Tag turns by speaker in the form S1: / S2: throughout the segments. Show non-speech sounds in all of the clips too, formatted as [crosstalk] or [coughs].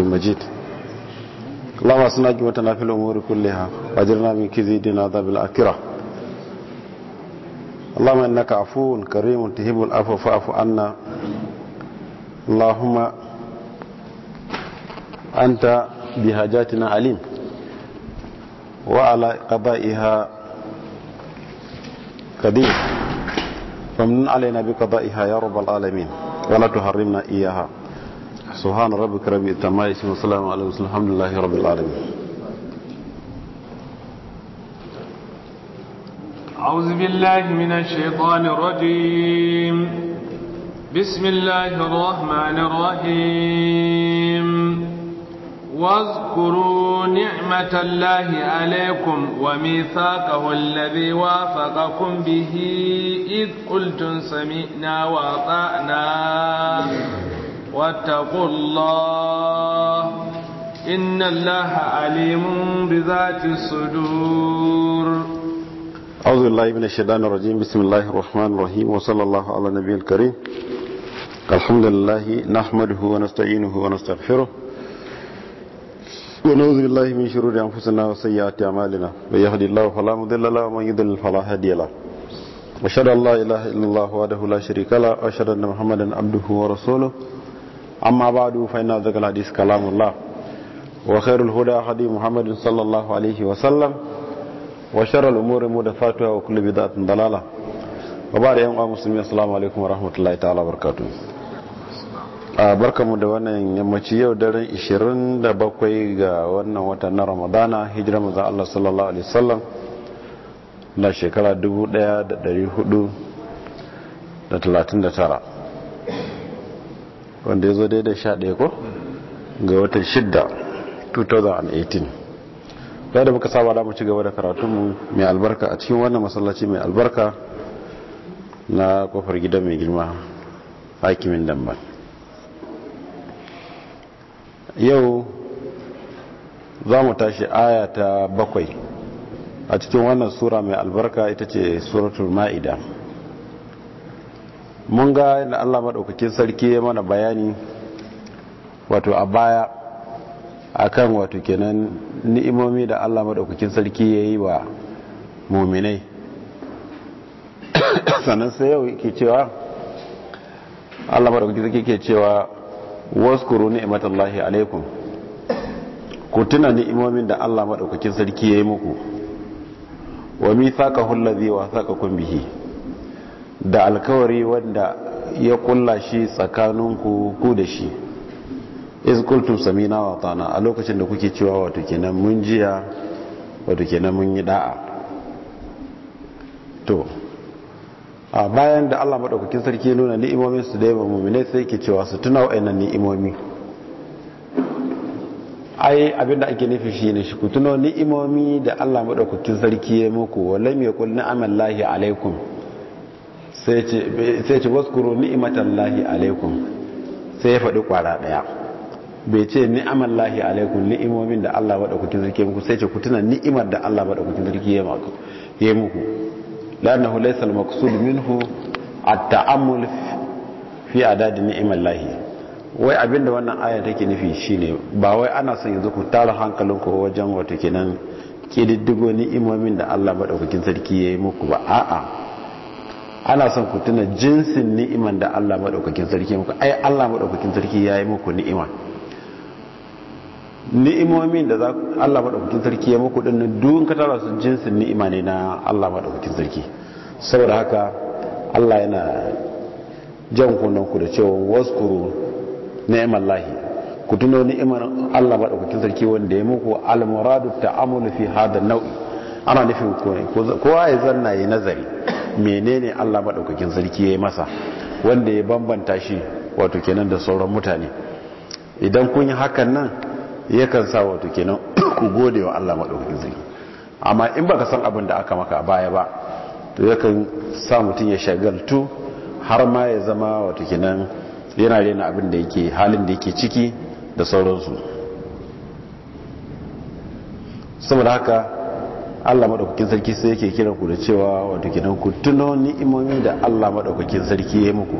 S1: المجيد اللهم اصلنا جمتنا في الأمور كلها واجرنا من كذيدنا ذاب الأكرة اللهم إنك عفو كريم تهب العفو فاعف عنا اللهم أنت بحاجاتنا عليم وعلى قضائها قدير فمن علينا بقضائها يا رب العالمين ولا تحرمنا إياها سبحان ربك رب التمايس والسلام على المسلم الحمد لله رب العالمين
S2: أعوذ بالله من الشيطان الرجيم بسم الله الرحمن الرحيم واذكروا نعمة الله عليكم وميثاقه الذي وافقكم به إذ قلتم سمعنا وأطعنا واتقوا الله إن الله عليم بذات الصدور
S1: أعوذ بالله من الشيطان الرجيم بسم الله الرحمن الرحيم وصلى الله على النبي الكريم الحمد لله نحمده ونستعينه ونستغفره ونعوذ بالله من شرور أنفسنا وسيئات أعمالنا من يهد الله فلا مضل له ومن يضلل فلا هادي له أشهد أن لا إله إلا الله وحده لا شريك له وأشهد أن محمدا عبده ورسوله أما بعد فإن أصدق الحديث كلام الله وخير الهدى هدي محمد صلى الله عليه وسلم وشر الأمور مدفاتها وكل بدعة ضلالة وبعد يوم مسلمين السلام عليكم ورحمة الله تعالى وبركاته barkamu da wannan yammaci yau daren 27 ga wannan watan na ramadana hijira maza Allah sallallahu alaihi wasallam na shekara 1439 wanda ya zo daidai sha ɗaya ko ga watan shidda 2018 ya da muka saba damu ci gaba da karatunmu mai albarka a cikin wannan masallaci mai albarka na kofar gida mai girma hakimin damba yau za mu tashi aya ta bakwai a cikin wannan sura mai albarka ita ce suratul ma'ida mun ga yadda allah maɗaukakin sarki ya mana bayani wato a baya akan wato kenan ni'imomi da allah maɗaukakin sarki ya yi wa muminai [coughs] sannan sai yau ke cewa allah maɗaukakin sarki ke cewa wasu waskuru ni'imatallahi alaikun ku tuna ni'imomin da allah maɗaukakin sarki ya yi muku wa mithaqahu allazi wa kun bihi da alkawari wanda ya kulla shi tsakaninku ku da shi iz kultum samina wa tana a lokacin da kuke cewa wato kenan mun jiya wato kenan mun yi da'a to a bayan da Allah madaukakin sarki nuna ni'imomin su da mu mu'mine sai yake cewa su tuna wa'annan ni'imomi ai abinda ake nufi ne shi ku tuno ni'imomi da Allah madaukakin sarki ya muku walam yakul ni'amallahi alaikum sai ce waskuru ni'imatan lahi alaikun sai ya faɗi ƙwara ɗaya bai ce ni'amar lahi alaikun ni'imomin da Allah waɗa kukin zarki muku sai ce ku tuna ni'imar da Allah waɗa kukin zarki ya muku lana hulai salmaksud minhu a ta'amul fi a dadi ni'imar lahi wai abinda wannan ayar take nufi shine ba wai ana son yanzu ku tara hankalin ku wajen wata kenan kididdigo ni'imomin da Allah maɗaukakin sarki ya yi muku ba a'a ana son ku tuna jinsin ni'iman da Allah maɗaukakin sarki muku ai Allah maɗaukakin sarki ya yi muku ni'ima ni'imomin da za Allah maɗaukakin sarki ya muku ɗin duk ka tara su jinsin ni'ima ne na Allah maɗaukakin sarki saboda haka Allah yana jan kunan ku da cewa waskuru lahi ku tuno ni'imar Allah maɗaukakin sarki wanda ya muku al-muradu ta'amulu fi hada nau'i ana nufin kowa ya zanna ya nazari menene Allah maɗaukakin sarki ya yi masa wanda ya bambanta shi wato kenan da sauran mutane idan kun yi hakan nan ya kan sa wato kenan [coughs] ku gode wa Allah maɗaukakin sarki amma in baka san abin da aka maka a baya ba to ya kan sa mutum ya shagaltu har ma ya zama wato kenan yana rena abin da yake halin da yake ciki da sauransu saboda haka Allah madaukakin sarki sai yake kiran ku da cewa wato kidan ku tuno ni'imomi da Allah madaukakin sarki ya muku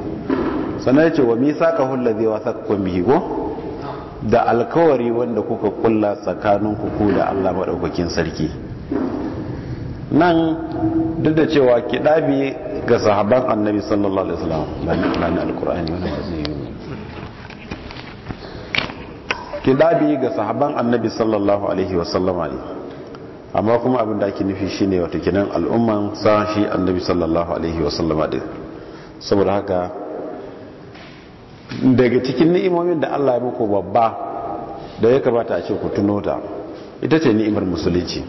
S1: sannan ya ce wa misaqahu allazi wasaqakum bihi go da alkawari wanda kuka kulla tsakanin ku da Allah madaukakin sarki nan duk da cewa kidabi ga sahaban annabi sallallahu alaihi wasallam ba ni alqur'ani wannan ba zai yi kidabi ga sahaban annabi sallallahu alaihi wasallama ne amma kuma abin da ake nufi shine wata kinan al'umman shi annabi sallallahu alaihi wasallama din saboda haka daga cikin ni'imomin da Allah ya muku babba da ya kamata a ce ku tuno ta ita ce ni'imar musulunci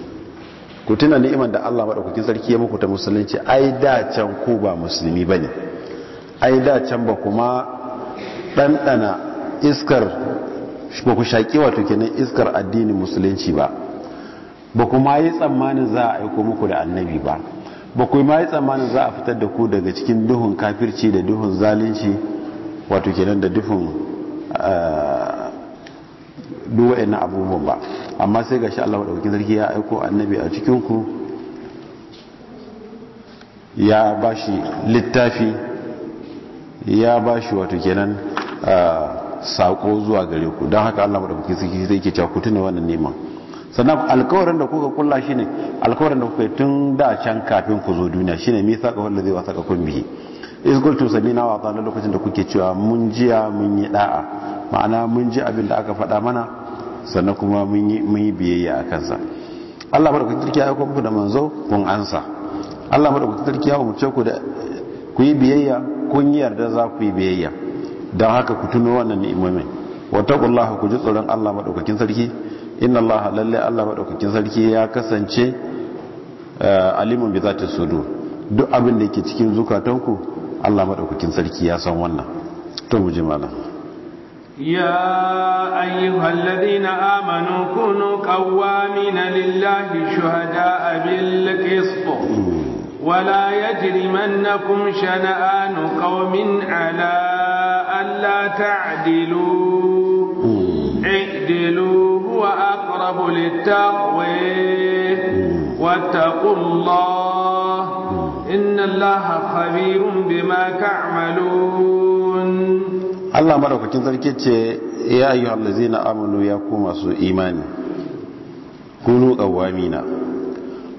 S1: ku tuna ni'imar da Allah madaukakin sarki ya muku ta musulunci ai da can ku ba musulmi ba ne, ai da can ba kuma ɗanɗana iskar ba ku shaƙi wato kenan iskar addinin musulunci ba ba ku ma yi tsammanin za a aiko muku da annabi ba ba ku ma yi tsammanin za a fitar da ku daga cikin duhun kafirci da duhun zalunci wato kenan da duhun eh, duwa ina abubuwan ba amma sai ga shi Allah maɗaukakin sarki ya aiko annabi a cikinku ya ba shi littafi ya ba shi wato kenan eh, saƙo zuwa gare ku don haka Allah maɗaukakin sarki zai ke cakutu na wannan neman sannan alkawarin da kuka kulla ne alkawarin da kuka yi tun da can kafin ku zo duniya shine me ga kawai zai wasa kun bihi izgul to na na lokacin da kuke cewa mun jiya mun yi da'a ma'ana mun ji abin da aka faɗa mana sannan kuma mun yi biyayya a kansa Allah madaukakin sarki ya da manzo kun ansa Allah sarki ya ku biyayya kun yi yarda za ku yi biyayya don haka ku tuno wannan ni'imomin ku ji tsoron Allah madaukakin sarki inna Allah lalle Allah madaukakin sarki ya kasance eh, alimun bi zati sudur duk abin da yake cikin zukatanku Allah madaukakin sarki ya san wannan to mu ji malam
S2: يا أيها الذين آمنوا كونوا قوامين لله شهداء بالقسط ولا يجرمنكم شنآن قوم على ألا تعدلوا اعدلوا هو أقرب للتقوى واتقوا الله إن الله خبير بما تعملون
S1: الله مرحبا كنت ذلك يا أيها الذين آمنوا يكون masu imani kunu qawamina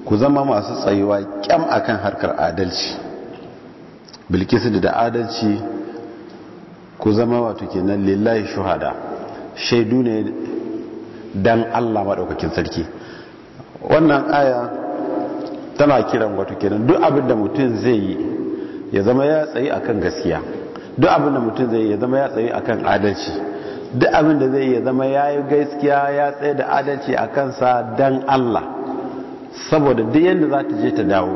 S1: ku zama masu tsayuwa kyam akan harkar adalci bilkisu da adalci ku zama wato kenan lillahi shuhada shaidu ne dan Allah maɗaukakin sarki wannan aya tana kiran wato kenan duk abin da mutum zai yi ya zama ya tsayi akan gaskiya duk abin da mutum zai yi ya zama ya tsayi akan adalci duk abin da zai yi ya zama ya yi gaskiya ya tsaye da adalci a kansa dan Allah saboda duk yadda za ta je ta dawo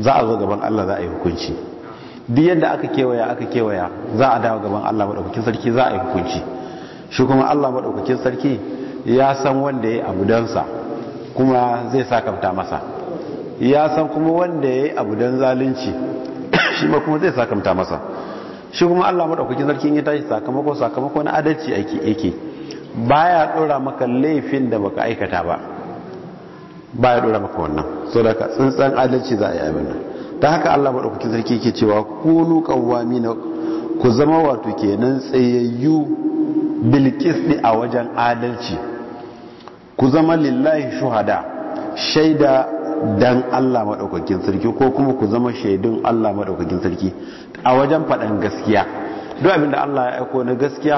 S1: za a zo gaban Allah za a yi hukunci duk yadda aka kewaya aka kewaya za a dawo gaban Allah maɗaukakin sarki za a yi hukunci shi kuma Allah maɗaukakin sarki ya san wanda ya abu don sa kuma zai sakamta masa ya san kuma wanda ya abu don zalunci [coughs] shi ma kuma zai sakamta masa shi kuma Allah maɗaukakin sarki ya tashi sakamako sakamako na adalci yake baya ɗora maka laifin da baka aikata ba baya ɗora maka wannan so da ka tsuntsan adalci za a yi abin nan ta haka Allah maɗaukakin sarki yake cewa kunu na ku zama wato kenan tsayayyu bilkis a wajen adalci ku zama lillahi shuhada shaida dan Allah madaukakin sarki ko kuma ku zama shaidun Allah madaukakin sarki a wajen faɗan gaskiya duk abin da Allah ya aiko na gaskiya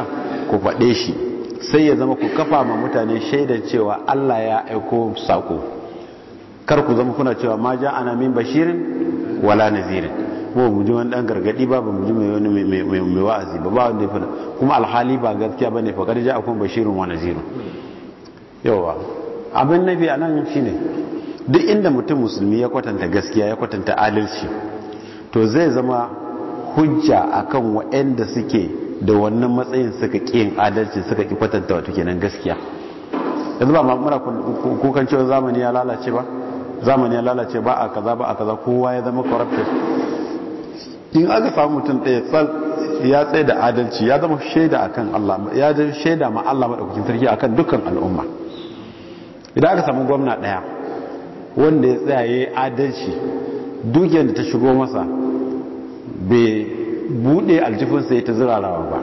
S1: ku faɗe shi sai ya zama ku kafa ma mutane shaidan cewa Allah ya aiko sako kar ku zama kuna cewa ma ja ana min bashirin wala nazirin ko mu ji wani dan gargadi ba ba mu ji mai wani mai wa'azi ba ba wanda ya fada kuma alhali ba gaskiya bane fa ja akun bashirin wa nazirin yawa abin na a nan shi ne duk inda mutum musulmi ya kwatanta gaskiya ya kwatanta adalci to zai zama hujja akan waɗanda suke da wannan matsayin suka ƙin adalci suka ƙi kwatanta wato kenan gaskiya yanzu ba mura kukan cewa zamani ya lalace ba zamani ya lalace ba a kaza ba a kaza kowa ya zama corrupted in aka samu mutum ɗaya ya tsaye da adalci ya zama shaida akan Allah ya shaida ma Allah madaukakin sarki akan dukkan al'umma idan aka samu gwamna daya wanda ya tsaye adalci dukiyar da ta shigo masa bai bude aljifinsa ya ta zirarawa ba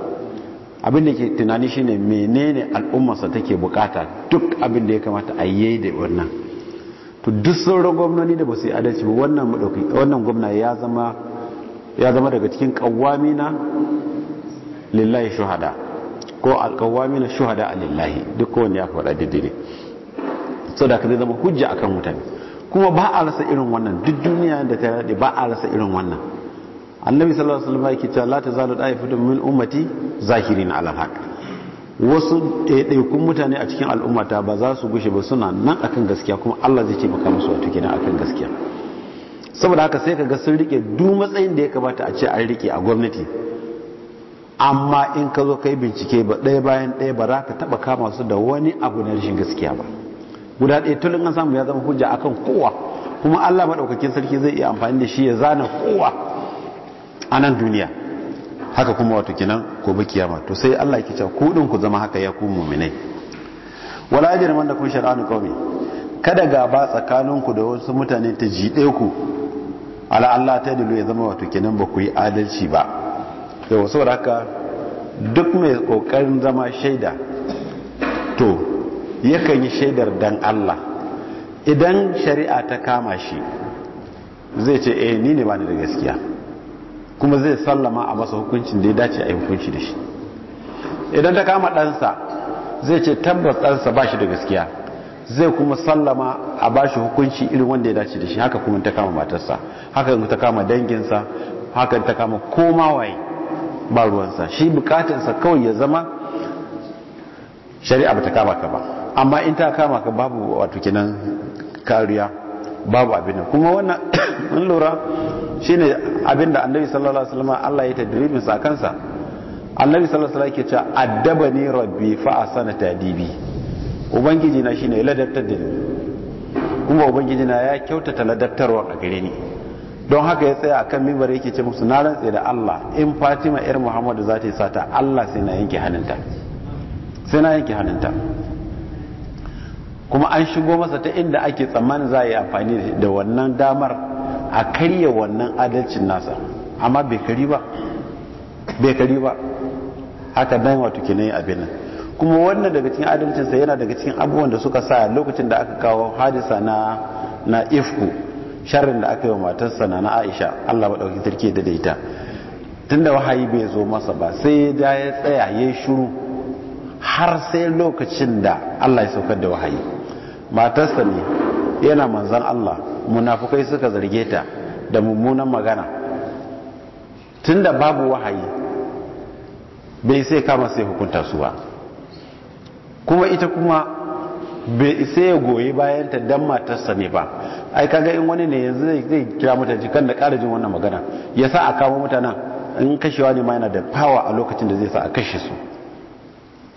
S1: abinda ke tunani shine menene al'ummarsa take bukata duk abin da ya kamata a yi da wannan to duk sauran gwamnoni da ba su yi adalci ba wannan gwamna ya zama ya zama daga cikin kawamina lillahi shuhada ko alkawamina shuhada a lillahi duk kowane ya faɗa daidai Saboda da ka zai zama hujja akan mutane kuma ba a rasa irin wannan duk duniya da ta yade ba a rasa irin wannan annabi sallallahu alaihi wasallam yake cewa la tazalu da'ifatun min ummati zahirin na alhaq wasu ɗaiɗaikun mutane a cikin al'ummata ba za su gushe ba suna nan akan gaskiya kuma Allah zai ce taimaka musu wato kenan akan gaskiya saboda haka sai ka ga sun rike duk matsayin da ya kamata a ce an rike a gwamnati amma in ka zo kai bincike ba ɗaya bayan ɗaya ba za ka taɓa kama su da wani abu na rashin gaskiya ba guda ɗaya tulun an samu ya zama hujja akan kowa kuma Allah maɗaukakin sarki zai iya amfani da shi ya zana kowa a nan duniya haka kuma wato kenan gobe kiyama to sai Allah ya cewa ku ku zama haka ya ku mu'minai wala ajrun da kun shar'anu qaumi kada gaba tsakaninku da wasu mutane ta jiɗe ku ala Allah ta dilo ya zama wato kenan ba ku yi adalci ba to wasu haka duk mai kokarin zama shaida to yakan yi shaidar dan Allah idan shari'a ta kama shi zai ce eh ni ne bani da gaskiya kuma zai sallama a masa hukuncin da ya dace a yi hukunci da shi idan ta kama ɗansa zai ce tabbas ɗansa ba shi da gaskiya zai kuma sallama a bashi hukunci irin wanda ya dace da shi haka kuma ta kama matarsa haka ta kama danginsa haka ta kama koma waye ba ruwansa shi bukatarsa kawai ya zama shari'a ba ta kama ka ba amma in ta kama ka babu wato kenan kariya babu abin nan kuma wannan in [coughs] lura shine abin da annabi sallallahu alaihi wasallam Allah ya tadribin sa kansa annabi sallallahu alaihi wasallam yake cewa addabani rabbi fa asana tadibi ubangiji na shine ladabtar da ni kuma ubangiji na ya kyautata ladattarwa a gare ni don haka ya tsaya akan mimbar yake ce musu na rantsa da Allah in Fatima yar muhammadu za ta yi sata Allah sai na yanke hannunta sai na yanke hannunta kuma an shigo masa ta inda ake tsammanin za a yi amfani da wannan damar a karya wannan adalcin nasa amma bai kari ba bai kari ba haka nan wato kenan abin nan kuma wannan daga cikin adalcinsa yana daga cikin abubuwan da suka sa lokacin da aka kawo hadisa na na ifku sharrin da aka yi wa matarsa na Aisha Allah ba madaukakin sarki da daita tunda wahayi bai zo masa ba sai da ya tsaya yayin shiru har sai lokacin da Allah ya saukar da wahayi matarsa ne yana manzan Allah munafukai suka zarge ta da mummunan magana tunda babu wahayi bai sai kama sai hukunta su ba kuma ita kuma bai sai ya goyi bayan ta dan matarsa ne ba ai kaga in wani ne yanzu zai kira mutane jikan da ƙara jin wannan magana ya sa a kama mutanen in kashewa ne ma yana da fawa a lokacin da zai sa a kashe su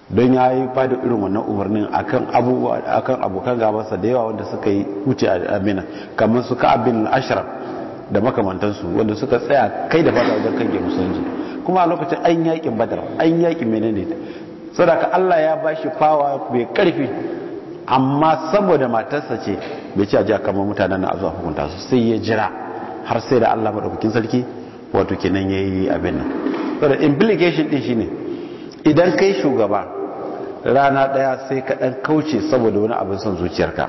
S1: don ya yi fada irin wannan umarnin a kan akan abokan gabansa da yawa wanda suka yi wuce amina kamar su ka abin da makamantansu wanda suka tsaya kai da fata wajen kan musulunci kuma a lokacin an yakin badar an yakin menene sadaka Allah ya bashi fawa mai karfi amma saboda matarsa ce bai ci a kamar mutanen na azuwa hukunta su sai ya jira har sai da Allah maɗaukakin sarki wato kenan ya yayi abin nan implication din shine idan kai shugaba rana daya sai ka dan kauce saboda wani abin son zuciyarka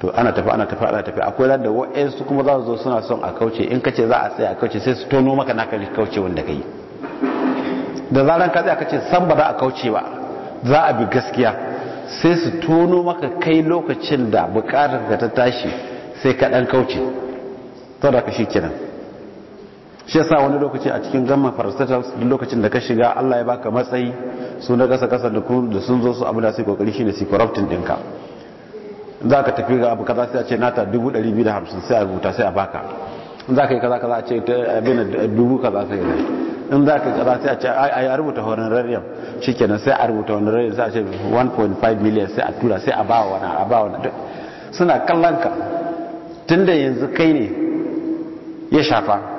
S1: to ana tafi ana tafi ana tafi akwai ran da wa'ansu kuma za su zo suna son a kauce in kace za a tsaya a kauce sai su tono maka na kai kauce wanda kai da zaran ka tsaya kace san ba za a kauce ba za a bi gaskiya sai su tono maka kai lokacin da bukatar ka ta tashi sai ka dan kauce to da ka kenan shi yasa wani lokaci a cikin gamma parastatals duk lokacin da ka shiga Allah ya baka matsayi su na kasa kasa da da sun zo su abu da sai kokari shine su corrupting dinka za ka tafi ga abu kaza sai a ce nata 250 sai a rubuta sai a baka in za ka yi kaza kaza a ce ta abin dubu kaza sai ne in za ka yi kaza sai a ce ai a rubuta honorarium shikenan sai a rubuta rariyar sai a ce 1.5 miliyan sai a tura sai a bawa wani a bawa wani suna kallon ka tunda yanzu kai ne ya shafa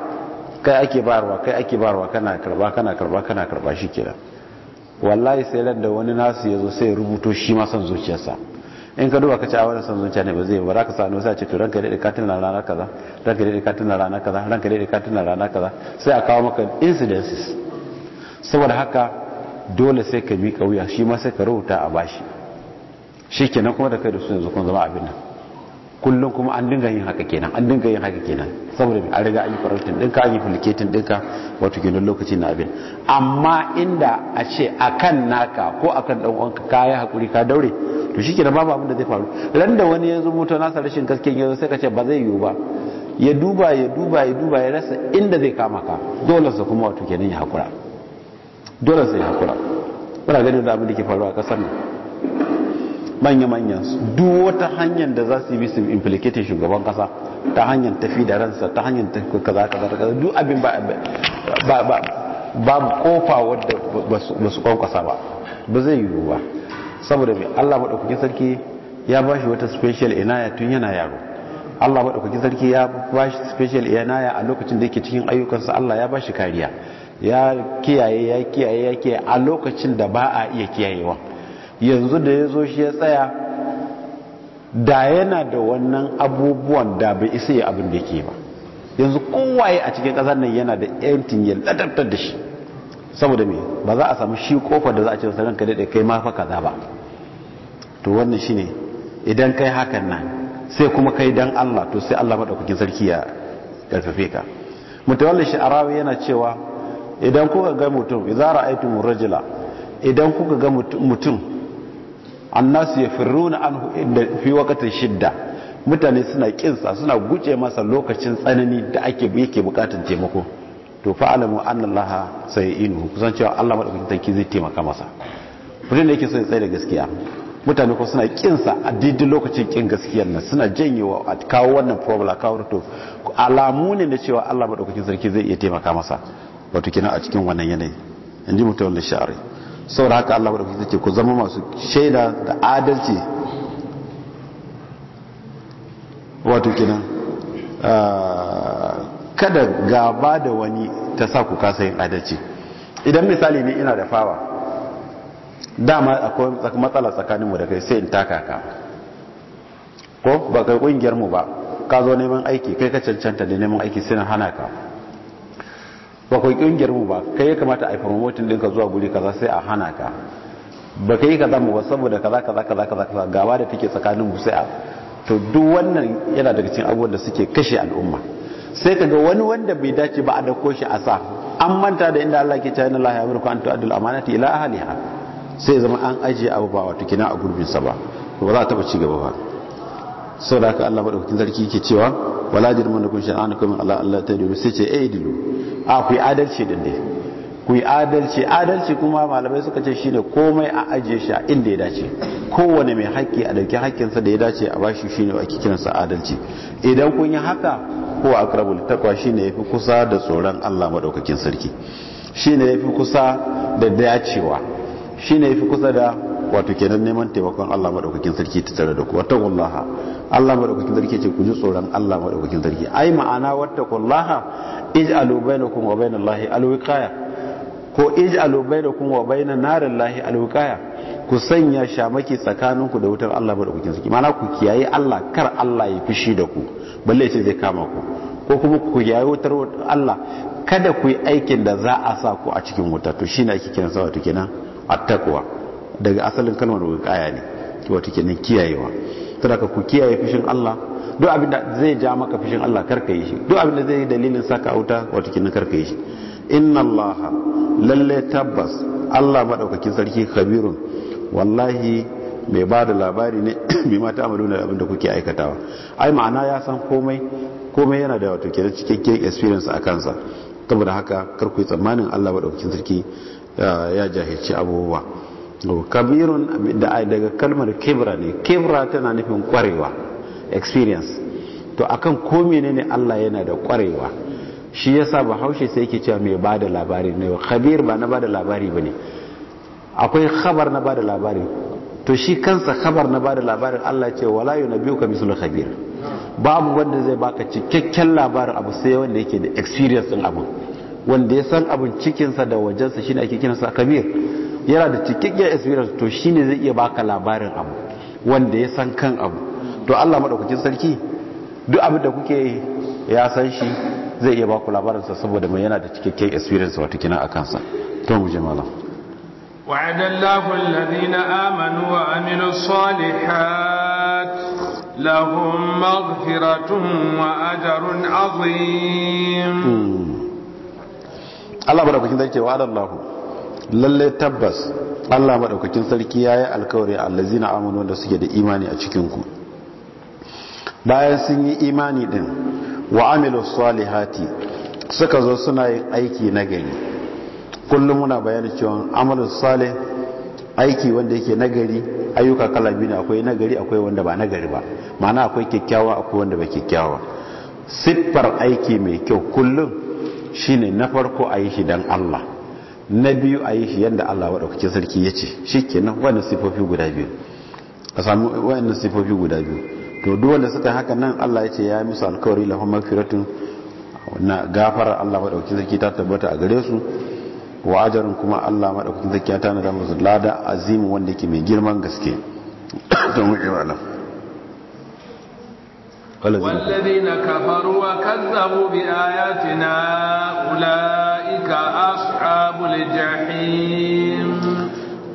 S1: kai ake barwa kai ake barwa kana karba kana karba kana karba shi kira wallahi sai lan da wani nasu yazo sai rubuto shi ma san zuciyarsa in ka duba ka ci a wani son zuciya ne ba zai ba za ka sanu sai a ce to ranka daɗe katin na rana kaza ranka daɗe katin na rana kaza ranka daɗe katin na rana kaza sai a kawo maka incidences saboda haka dole sai ka miƙa wuya shi ma sai ka rubuta a bashi shi kenan kuma da kai da su yanzu kun zama abin nan kullum kuma an dinga yin haka kenan an dinga yin haka kenan saboda an riga an yi farautin dinka an yi filiketin dinka wato gidan lokaci na abin amma inda a ce akan naka ko a kan uwanka ka yi hakuri ka daure to kenan babu abin da zai faru ran da wani ya zo mutu nasa rashin gaske ya zo sai ka ce ba zai yiwu ba ya duba ya duba ya duba ya rasa inda zai kama ka dole sa kuma wato kenan ya hakura dole sa ya hakura kuna ganin da abin da ke faruwa a kasar nan manya-manyan duk wata hanyar da za su bi su implicate shugaban kasa ta hanyar tafi da ransa ta hanyar tafi kaza kaza kaza duk abin ba ba kofa wadda ba su kwankwasa ba ba zai yiwu ba saboda mai Allah maɗaukakin sarki ya ba shi wata special inaya tun yana yaro Allah maɗaukakin sarki ya ba shi special inaya a lokacin da yake cikin ayyukansa Allah ya ba shi kariya ya kiyaye ya kiyaye ya kiyaye a lokacin da ba a iya kiyayewa yanzu da ya zo shi ya tsaya da yana da wannan abubuwan da bai isa ya abin da ke ba yanzu kowaye a cikin ƙasar nan yana da yantin ya ladabtar da shi saboda me ba za a samu shi kofar da za a ce wasu ranka daidai kai ma kaza ba to wannan shine idan kai hakan nan sai kuma kai dan Allah to sai Allah madaukakin sarki ya karfafe ka a sha'arawi yana cewa idan kuka ga mutum idza ra'aytum rajula idan kuka ga mutum annasu yafirruna anhu inda fi waqtin shidda mutane suna kinsa suna guje masa lokacin tsanani da ake yake bukatun taimako to fa'alamu annallaha inu kusan cewa Allah madaukakin sarki zai taimaka masa mutum da yake so ya tsaye da gaskiya mutane ko suna kinsa a didin lokacin kin gaskiyar nan suna janyewa a kawo wannan problem a kawo to alamu ne na cewa Allah madaukakin sarki zai iya taimaka masa wato kina a cikin wannan yanayi in ji mutum da sha'ari saboda haka Allah madaukaki zai ce ku zama masu shaida da adalci wato kenan ah, kada gaba da wani ta sa ku kasa yin adalci idan misali ne ina da fawa dama akwai matsala tsakaninmu da kai sai in taka ka ko ba kai kungiyarmu ba ka zo neman aiki kai ka cancanta da neman aiki sai na hana ka ba kai kungiyar mu ba kai ya kamata a promoting ɗinka zuwa guri kaza sai a hana ka ba kai kaza mu ba saboda kaza kaza kaza kaza kaza gaba da take tsakanin mu sai a to duk wannan yana daga cikin abubuwan da suke kashe al'umma sai kaga wani wanda bai dace ba a da koshi a sa an manta da inda Allah ke cewa Allah ya amurku an adul amanati ila ahliha sai zama an ajiye abu ba wato kina a gurbin sa ba ba za ta taba ci gaba ba sau da haka Allah maɗaukakin sarki ke cewa wala jirma da kun sha'ani kuma Allah Allah ta dubi sai ce eh dilu a ku yi adalci din dai ku yi adalci adalci kuma malamai suka ce shine komai a ajiye shi a inda ya dace kowane mai haƙƙi a dauki haƙƙinsa da ya dace a bashi shine ake kiransa adalci idan kun yi haka ko shi ne shine yafi kusa da tsoron Allah maɗaukakin sarki shine yafi kusa da dacewa shine yafi kusa da wato kenan neman taimakon Allah madaukakin sarki ta tare da ku wallaha Allah madaukakin sarki ce ku ji tsoron Allah madaukakin sarki ai ma'ana wattaqullaha ij'alu bainakum wa bainallahi alwiqaya ko ij'alu bainakum wa bainan alwiqaya ku sanya shamaki tsakaninku da wutar Allah madaukakin sarki ma'ana ku kiyaye Allah kar Allah ya fishi da ku balle ce zai kama ku ko kuma ku kiyaye wutar Allah kada ku yi aikin da za a sa ku a cikin wuta to shine ake kiran sa wato kenan attaqwa daga asalin kalmar wuƙaya ne wato kenan kiyayewa ka ku kiyaye fushin Allah duk abin zai ja maka fushin Allah karka yi shi duk abin zai yi dalilin saka auta wato kenan karka yi shi inna Allah lalle tabbas Allah madaukakin sarki khabirun wallahi mai ba da labari ne mai [coughs] mata amadu da abin kuke aikatawa ai ma'ana ya san komai komai yana da wato kenan cikakken experience a kansa saboda haka karku yi tsammanin Allah madaukakin sarki ya jahilci abubuwa kabirun daga kalmar kibra ne kibra tana nufin kwarewa experience to akan ko ne Allah yana da kwarewa shi yasa bahaushe sai yake cewa mai bada labari ne khabir ba na bada labari bane akwai khabar na bada labari to shi kansa khabar na bada labarin Allah ce wala ka mislu khabir babu wanda zai baka cikakken labarin abu sai wanda yake da experience din abu wanda ya san abun cikinsa da wajensa shine ake kiransa khabir yana da cikakken experience to shine zai iya baka labarin abu wanda ya san kan abu to Allah madaukakin sarki duk abin da kuke ya san shi zai iya baku labarin sa saboda mai yana da cikakken experience wato kina akan sa to mu je malam
S2: وعد الله الذين آمنوا وعملوا الصالحات لهم مغفرة وأجر عظيم
S1: الله بارك فيك وعد الله lalle tabbas Allah madaukakin sarki yayi alkawari allazina amanu da suke da imani a cikin ku bayan sun yi imani din wa amilu salihati suka zo suna yin aiki na gari kullum muna bayani cewa amalu salih aiki wanda yake nagari ayyuka kala biyu ne akwai nagari akwai wanda ba nagari ba ma'ana akwai kyakkyawa akwai wanda ba kyakkyawa siffar aiki mai kyau kullum shine na farko a yi shi dan Allah na biyu a yi shi yadda Allah waɗaukaki sarki ya ce shi kenan wani sifofi guda biyu a samu wa'annan sifofi guda biyu to duk wanda suka haka nan Allah ya ce ya yi musu alkawari lafa magfiratun na gafara Allah maɗaukakin sarki ta tabbata a gare su wa ajarin kuma Allah maɗaukakin sarki ya tana da musu lada azimu wanda ke mai girman gaske [coughs] don nan والذين
S2: كفروا وكذبوا بآياتنا أولئك أصحاب
S1: الجحيم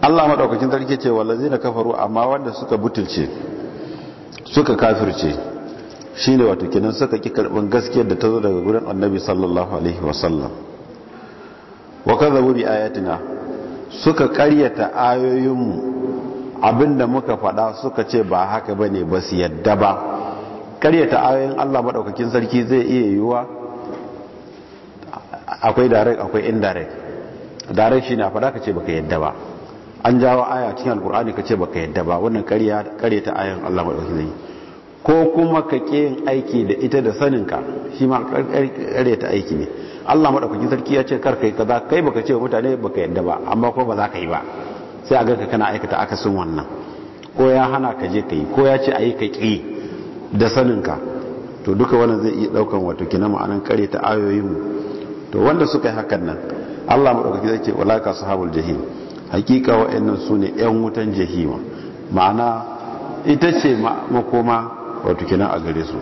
S1: Allah madaukakin sarki ce wallazina kafaru amma wanda suka butulce suka kafirce shine wato kenan suka ƙi karban gaskiyar da ta zo daga gurin Annabi sallallahu alaihi wasallam wa kan bi ayatina suka ƙaryata ayoyinmu abinda muka faɗa suka ce ba haka ba ne ba su yadda ba ta ayoyin Allah maɗaukakin sarki zai iya yiwuwa akwai direct akwai indirect direct shine a fada ce baka yadda ba an jawo aya cikin alkur'ani ce baka yadda ba wannan karya ta ayoyin Allah maɗaukakin sarki ko kuma ka ke yin aiki da ita da saninka shi ma ta aiki ne Allah maɗaukakin sarki ya ce kar kai kaza kai baka ce mutane baka yadda ba amma ko ba za ka yi ba sai a ganka kana aikata akasin wannan ko ya hana ka je ka yi ko ya ce a yi ka ƙi da saninka to duka wannan zai iya daukan wato kina ma'anan kare ta ayoyin mu to wanda suka yi hakan nan Allah madaukaki zai ce walaka sahabul jahim hakika wa'annan sune yan wutan jahima ma'ana ita ce makoma wato kina a gare su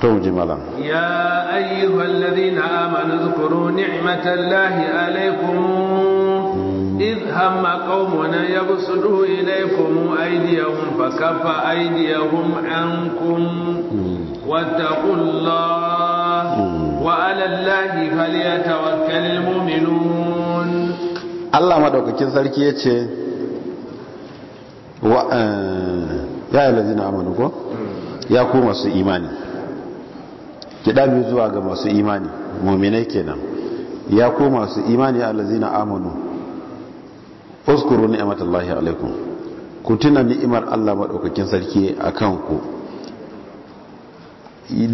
S1: to jimalan
S2: ya ayyuhal ladina amanu zkuru ni'matallahi alaykum إذ هم قومنا يبصدوا إليكم أيديهم فكف أيديهم عنكم واتقوا الله وعلى الله فليتوكل المؤمنون
S1: الله مدوكاكين سركي يتشي wa ya lalazina amanu ko ya ku masu imani kiɗa zuwa ga masu imani muminai kenan ya ku masu imani ya amanu uskuru ni'matallahi alaikum ku tuna ni'imar Allah madaukakin sarki akan ku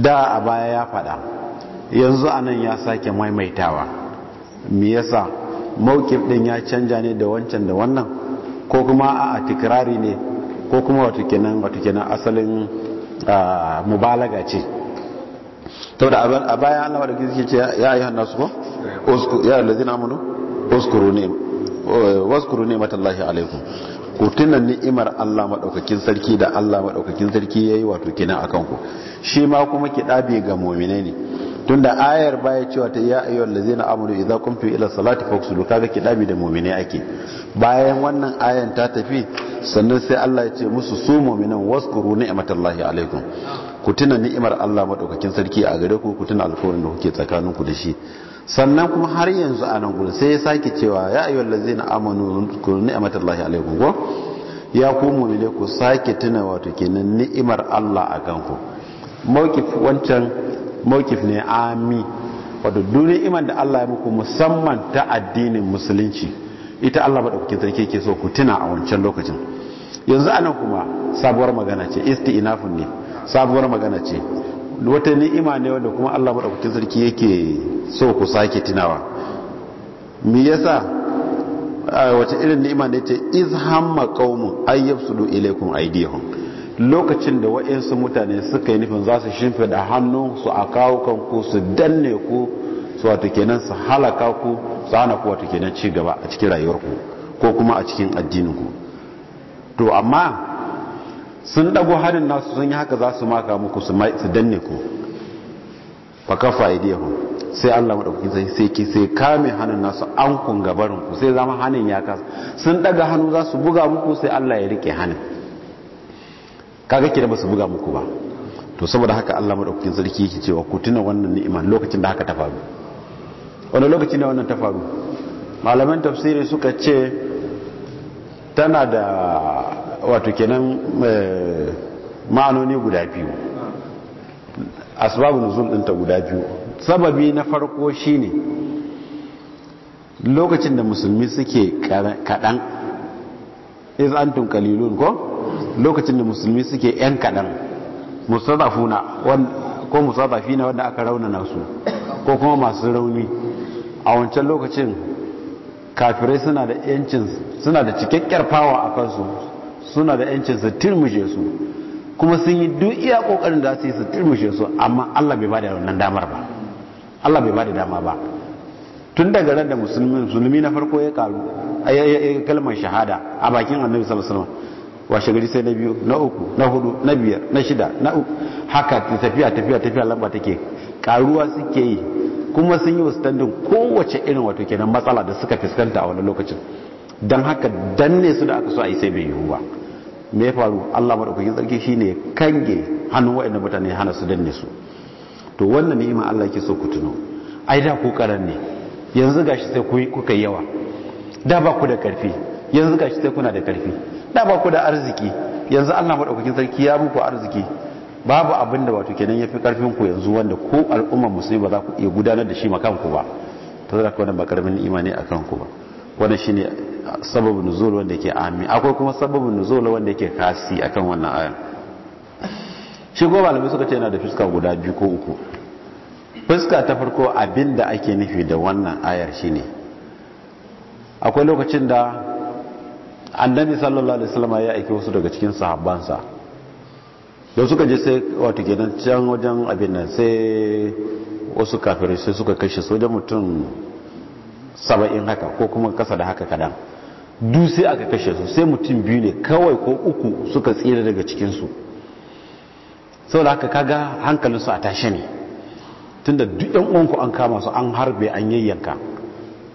S1: da a baya ya faɗa yanzu anan ya sake maimaitawa me yasa mawqif din ya canja ne da wancan da wannan ko kuma a tikrari ne ko kuma wato kenan wato kenan asalin mubalaga ce da a baya Allah madaukakin sarki ya ayyuhan nasu ko ya allazina amanu uskuru ni'matallahi waskuru ne matallahi alaikum ku tuna ni'imar Allah madaukakin sarki da Allah madaukakin sarki yayi wato kina akan ku shi ma kuma kidabe ga muminai ne tunda ayar baya cewa ta ya na ladzina amanu idza fi ila salati faghsulu kaga kidabe da mu'mine ake bayan wannan ayan ta tafi sannan sai Allah ya ce musu su mu'minan waskuru ni'matallahi alaikum ku tuna ni'imar Allah madaukakin sarki a gare ku ku tuna alƙawarin da kuke tsakaninku da shi sannan kuma har yanzu a nan gudu sai ya sake cewa ya ayyuhal ladzina amanu zkuru ni'matallahi alaikum ko ya kuma ne ku sake tuna wato kenan ni'imar Allah a kanku maukif wancan maukif ne ami wato duni iman da Allah ya muku musamman ta addinin musulunci ita Allah kuke zarki ke so ku tuna a wancan lokacin yanzu anan kuma sabuwar magana ce isti'nafun ne sabuwar magana ce wata ni'ima ne wanda kuma Allah madaukakin sarki yake so ku sake tunawa me yasa wace irin ni'ima ne ce izhamma qaumun ayyabsudu ilaykum aydihum lokacin da wa'insu mutane suka yi nufin za su shimfe da hannu su a kawo kanku su danne ku su wato kenan su halaka ku su hana ku wato kenan ci gaba a cikin rayuwarku ko kuma a cikin addininku to amma sun dago harin nasu sun yi haka za su maka muku su danne ku fa kafa idiyahu sai Allah madaukakin sai sai ki sai kame hannun nasu an kun gabarin ku sai zama hannun ya kasa sun daga hannu za su buga muku sai Allah ya rike hannun kaga da ba su buga muku ba to saboda haka Allah madaukakin sarki yake cewa ku tuna wannan ni'ima lokacin da haka ta faru wani lokacin da wannan ta faru malaman tafsiri suka ce tana da wato kenan eh, ma'anoni guda biyu asbabun nuzul ɗinta guda biyu sababi na farko shine lokacin da musulmi suke kaɗan Izantun antum ko lokacin da musulmi suke ƴan kaɗan mustadafuna ko na wanda aka raunana su ko kuma masu rauni a wancan lokacin kafirai suna da yancin suna da cikakkiyar fawa a kansu suna da yancin su turmushe su kuma sun yi duk iya kokarin da su yi su turmushe su amma Allah bai bada wannan damar ba Allah bai bada dama ba tun daga ran da musulmi na farko ya karu kalmar shahada a bakin annabi sallallahu alaihi wasallam washe gari sai na biyu na uku na hudu na biyar na shida na uku haka tafiya tafiya tafiya lamba take karuwa suke yi kuma sun yi wasu kowace irin wato kenan matsala da suka fuskanta a wani lokacin don haka danne su da aka so a yi sai bai yiwu ba me ya faru Allah tsarki sarki ne kange hannun waɗanda mutane hana su danne su to wannan ni'ima Allah yake so ku tuno ai da ku karan ne yanzu gashi sai ku kuka yawa da ba ku da karfi yanzu gashi sai kuna da karfi da ba ku da arziki yanzu Allah madaukakin sarki ya muku arziki babu abin da wato kenan ya fi ƙarfin ku yanzu wanda ko al'ummar musulmi ba za ku iya gudanar da shi ma kanku ba ta zaka wannan ba karamin imani akan ku ba wannan shine sababu nuzul wanda yake amin akwai kuma sababu nuzul wanda yake kasi akan wannan ayar. shi ko malamai suka ce yana da fuska guda biyu ko uku fuska ta farko abinda ake nufi da wannan ayar shine akwai lokacin da annabi sallallahu alaihi wasallam ya aiki wasu daga cikin sahabbansa da suka je sai wato gidan can wajen abin nan sai wasu kafirai sai suka kashe sojan mutum saba'in haka ko kuma kasa da haka kadan duse a aka kashe su sai mutum biyu ne kawai ko uku suka tsira daga cikinsu saboda haka kaga hankalinsu a tashe ne tunda duk yan uwanku an kama su an harbe an yayyanka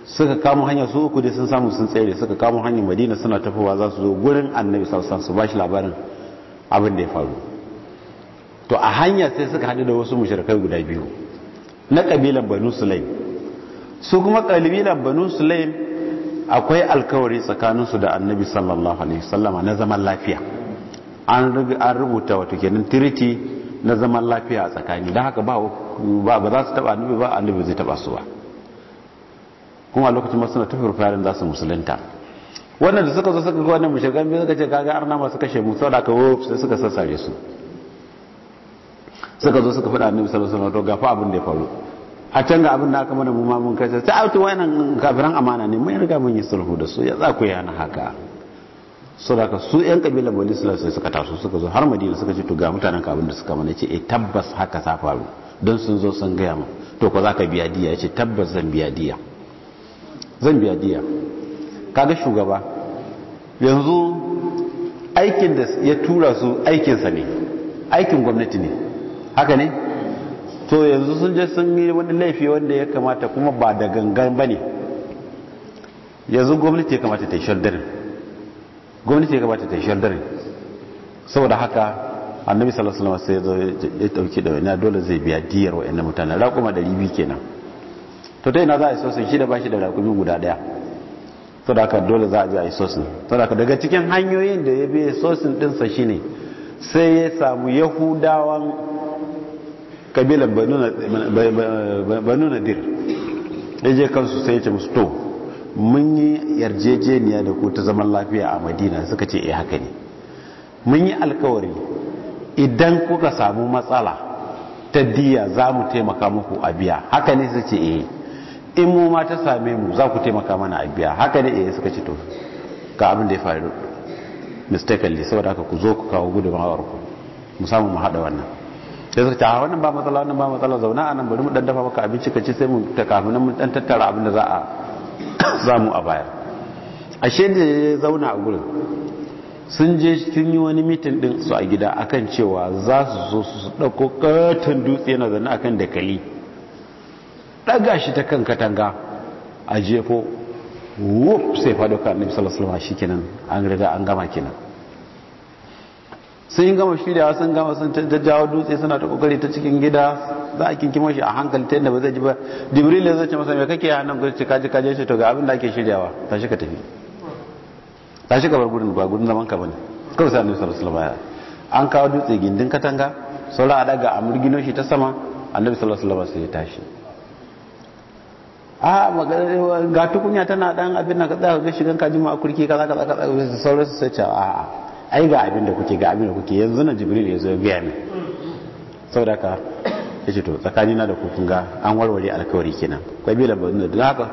S1: suka kama hanya su uku dai sun samu sun tsere suka kama hanyar madina suna tafowa za su zo gurin annabi sassan su ba shi labarin abin da ya faru to a hanya sai suka haɗu da wasu mashirkai guda biyu na ƙabilan banu sulaim su kuma ƙabilan banu sulaim akwai alkawari tsakaninsu da annabi sallallahu alaihi wasallama na zaman lafiya an rubuta wato kenan tiriti na zaman lafiya a tsakani don haka ba ba za su taba annabi ba annabi zai taba su ba kuma lokacin masu na tafiyar farin za su musulunta wannan da suka zo suka ga wannan mushirgan biyu suka ce kaga arna masu kashe mu da ka wuf sai suka sassare su suka zo suka faɗa annabi sallallahu alaihi wasallam to gafa abin da ya faru a can ga abin da aka mana mu ma mun kai ta auto wayanan kafiran amana ne mun riga mun yi sulhu da su ya za ku yana haka saboda su yan kabilar bani sulhu sai suka taso suka zo har madina suka ce to ga mutanen ka abin da suka mana ce eh tabbas haka ta faru don sun zo sun gaya mu to ko za ka biya diya yace tabbas zan biya diya zan biya diya kaga shugaba yanzu aikin da ya tura su aikinsa ne aikin gwamnati ne haka ne to yanzu sun je sun yi wani laifi wanda ya kamata kuma ba da gangan ba ne yanzu gwamnati ya kamata ta yi shardarin gwamnati ya kamata ta yi shardarin saboda haka annabi sallallahu alaihi wasallam sai ya dauki da wani dole zai biya diyar wa yana mutane raƙuma 200 kenan to yi na za a yi sosin shi da bashi da raƙumi guda daya to da haka dole za a yi sosin to da daga cikin hanyoyin da ya biya sosin din sa shine sai ya samu yahudawan kabilan banu nadir ya je kansu sai ya ce musu to mun yi yarjejeniya da ku ta zaman lafiya a madina suka ce eh haka ne mun yi alkawari idan kuka samu matsala ta diya za mu taimaka muku a biya haka ne suka ce eh in mu ma ta same mu za ku taimaka mana a biya haka ne eh suka ce to ga abin da ya faru mistakenly saboda haka ku zo ku kawo gudunmawar ku mu samu mu haɗa wannan sai suka ce a ah, wannan ba matsala wannan ba matsala zauna a nan bari mu dandafa dafa maka abinci ka ci sai mu ta kafin mu dan tattara abin da za a [coughs] mu a baya ashe da ya zauna a gurin sun je sun yi wani mitin din su a gida akan cewa za su zo su dauko katon dutse na zanna akan dakali daga shi ta kan katanga a jefo wuf sai fado kan nabi sallallahu alaihi wasallam shikenan an riga an gama kenan sun gama shiryawa sun gama sun jawo dutse suna ta kokari ta cikin gida za a kinkimo shi a hankali ta yadda ba zai ji ba jibril ya zace masa me kake ya nan gurin cika jika kaje shi to ga abin da ake shiryawa Ta shi ka tafi Ta shi ka bar gurin ba gurin zaman ka bane kawai sai annabi sallallahu alaihi wasallam an kawo dutse gindin katanga sauran a daga a murgino shi ta sama annabi sallallahu alaihi wasallam sai ya tashi ah, a ga tukunya tana dan abin nan ka tsaya ga shigan kaji ma kurki kaza kaza kaza sauransu sai ce a'a ai ga abin da kuke ga abin da kuke yanzu na jibril ya zo gaya min saboda ka ya ce to tsakanina da kukun ga an warware alkawari kenan kabila ba da don haka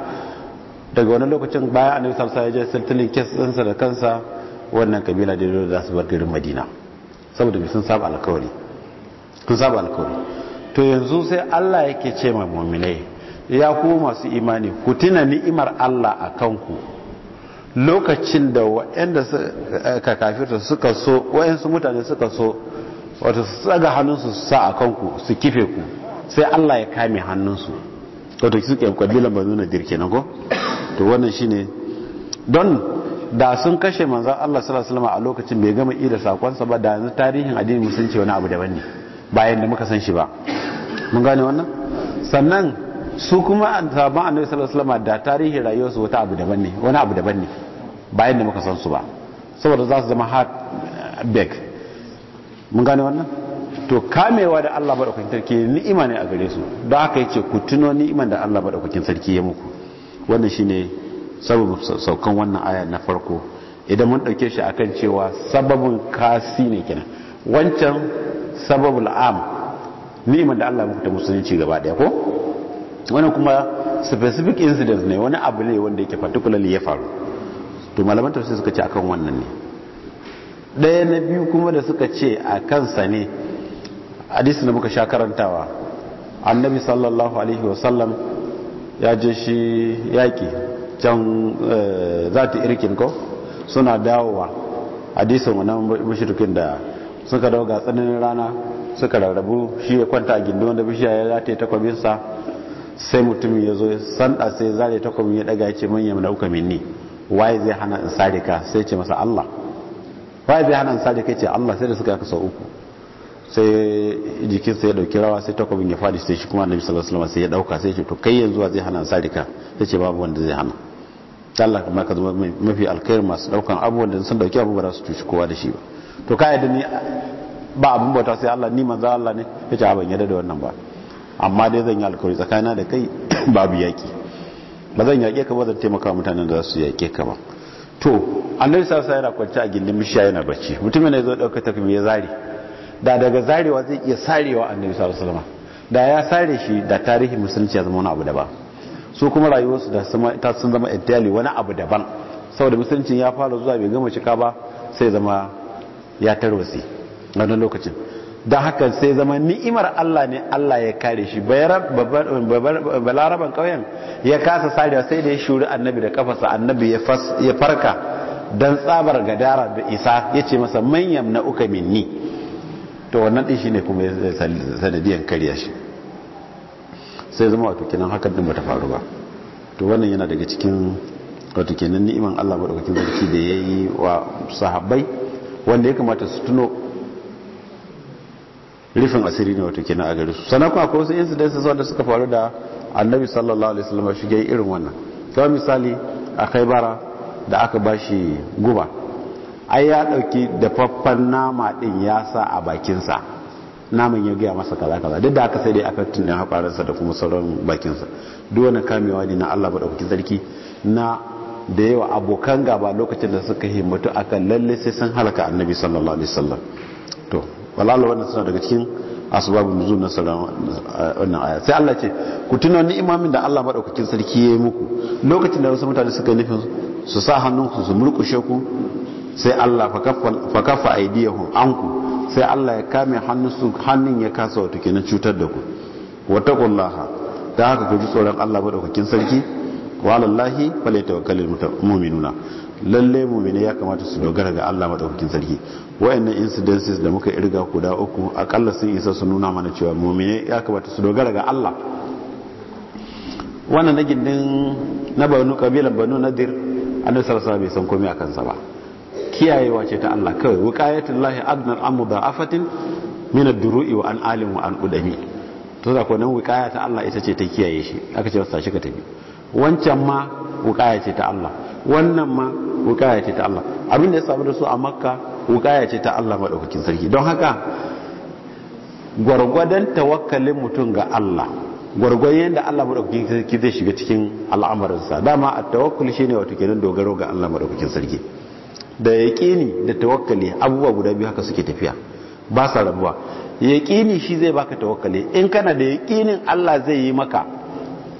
S1: daga wani lokacin bayan annabi sallallahu alaihi wasallam ya je kes ɗinsa da kansa wannan kabila da dole za su bar garin madina saboda bai sun saba alkawari sun saba alkawari to yanzu sai Allah yake ce ma mu'minai ya ku masu imani ku tuna ni'imar Allah a kanku lokacin da waɗanda eh, ka kafirta suka so waɗansu mutane suka so wato su tsaga hannunsu su sa a kanku su kife ku sai Allah ya kame hannunsu wato suke kabilan ba nuna dirke na ko to wannan shi ne don da sun kashe manzan Allah sallallahu a lokacin bai gama ida sakonsa ba da yanzu tarihin addini musulunci wani abu daban ne bayan da muka san shi ba mun gane wannan sannan su kuma sabon annabi sallallahu alaihi wasallam da tarihin rayuwarsu wata abu daban ne wani abu daban ne bayan da muka san su ba saboda za su zama hard eh, beg mun gane wannan to kamewa da Allah madaukakin sarki ni'ima ne a gare su don haka yace ku tuno ni'iman da Allah madaukakin sarki ya muku wannan shine sababin saukan wannan aya na farko idan mun dauke shi akan cewa sababin kasi ne kenan wancan sababul am ni'imar da Allah muku ta musulunci gaba daya ko wannan kuma specific incident ne wani abu ne wanda yake particularly ya faru to malaman tafsir suka ce akan wannan ne ɗaya na biyu kuma da suka ce a kansa ne hadisi da muka sha karantawa annabi sallallahu alaihi wasallam ya je shi yaƙi can eh, za ta irkin ko suna dawowa hadisin wannan mashirkin da suka dawo ga tsananin rana suka rarrabu shi ya kwanta a gindin wanda bishiya ya zata takwabinsa sai mutum ya zo sanda sai zare takwabin ya daga ce manyan lauka minni waye zai hana in sare ka sai ce masa Allah waye zai hana in sare ka ce Allah sai da suka yaka sau uku sai sai ya dauki rawa sai takobin ya fadi sai shi kuma annabi sallallahu alaihi wasallam sai ya dauka sai ce to kai yanzu zai hana in sare ka sai ce babu wanda zai hana Allah kuma ka zama mafi alkhair masu daukan abubuwan da sun dauki abubuwa su cuci kowa da shi ba to ka yadda ni ba abun bauta sai Allah ni manzo Allah ne yace ban yadda da wannan ba amma dai zan yi alkhairi tsakanina da kai [coughs] babu yaki ba zan yaƙe ka ba zan taimaka mutanen da za su yaƙe ka ba to annabi sallallahu alaihi yana kwance a gindin mishiya yana bacci mutumin ne zo dauka takumi ya zare da daga zarewa zai iya sarewa annabi sallallahu alaihi da ya sare shi da tarihi musulunci ya zama wani abu daban su kuma rayuwarsu da ta sun zama entirely wani abu daban saboda musulunci ya fara zuwa bai gama cika ba sai zama ya tarwasi wannan lokacin Da haka sai zama ni'imar Allah ne Allah ya kare shi balaraban ƙauyen ya kasa sarewa sai da ya shuri annabi da kafasa annabi ya farka don tsabar gadara da isa ya ce masa manyan na uka minni to wannan ɗin shi ne kuma ya sanadiyan karya shi sai zama wato kenan hakan ba bata faru ba to wannan yana daga cikin wato kenan ni'iman Allah maɗaukakin sarki da ya yi wa sahabbai wanda ya kamata su tuno rufin asiri ne wato kina a gare su sannan kuma akwai wasu incidents wanda suka faru da annabi sallallahu alaihi wasallam shi ga irin wannan kamar misali a bara da aka ba shi guba ai ya dauki dafaffen nama din ya sa a bakin sa naman ya gaya masa kaza kaza duk da aka sai dai aka tunne sa da kuma sauran bakin sa duk wani kamewa ne na Allah kukin sarki na da yawa abokan gaba lokacin da suka himmatu akan lalle sai sun halaka annabi sallallahu alaihi wasallam to Walalo wannan suna daga cikin asbabu nuzul na wannan aya sai Allah ce ku tuna imamin da Allah madaukakin sarki ya yi muku lokacin da wasu mutane suka nufin su sa hannun su murkushe ku sai Allah fa kafa aidiyahum anku sai Allah ya kame hannun su hannun ya kasa wato kenan cutar da ku Wata taqullaha da haka ku ji tsoron Allah madaukakin sarki wa alallahi falyatawakkalul mu'minuna lalle mu'mini ya kamata su dogara ga Allah madaukakin sarki wayannan incidences da muka irga guda uku akalla sun isa su nuna mana cewa mumine ya kamata su dogara ga Allah wannan na gindin na banu kabilan banu nadir annabi sallallahu bai san komai akan sa ba kiyayewa ce ta Allah kawai wuqayatul lahi adna al afatin min ad-duru'i wa an alim wa an udami to da ko nan wuqaya ta Allah ita ce ta kiyaye shi aka ce wasa shi ka tafi wancan ma wuqaya ce ta Allah wannan ma wuqaya ce ta Allah abin da ya samu da su a makka hukaya ce ta Allah maɗaukakin sarki don haka gwargwadon tawakkalin mutum ga Allah gwargwadon yadda Allah maɗaukakin sarki zai shiga cikin al'amuransa dama a tawakkul shi ne wata kenan dogaro ga Allah maɗaukakin sarki da yaƙini da tawakkali abubuwa guda biyu haka suke tafiya ba sa rabuwa yaƙini shi zai baka tawakkali in kana da yaƙinin Allah zai yi maka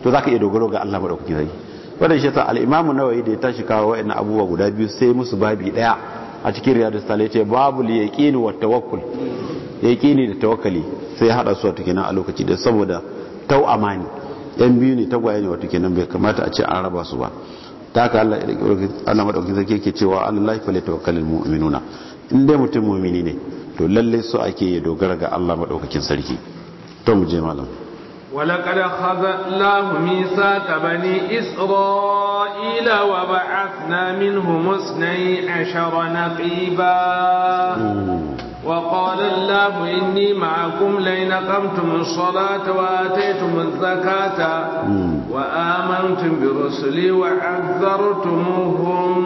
S1: to za ka iya dogaro ga Allah maɗaukakin sarki wadda shi ta al'imamu nawayi da ya tashi kawo wa'in abubuwa guda biyu sai musu babi ɗaya a cikin riyadu salih ce babu yaqini wa tawakkul yaqini da tawakkali sai hada su wato kenan a lokaci da saboda tau amani yan biyu ne tagwaye ne wato kenan bai kamata a ce an raba su ba ta ka Allah Allah madaukakin sarki yake cewa Allah fa la tawakkalul mu'minuna in dai mutum mu'mini ne to lalle so ake ya dogara ga Allah madaukakin sarki to mu malam
S2: ولقد أخذ الله ميثاق بني إسرائيل وبعثنا منهم اثني عشر نقيبا وقال الله إني معكم لئن أقمتم الصلاة وآتيتم الزكاة وآمنتم برسلي وعذرتموهم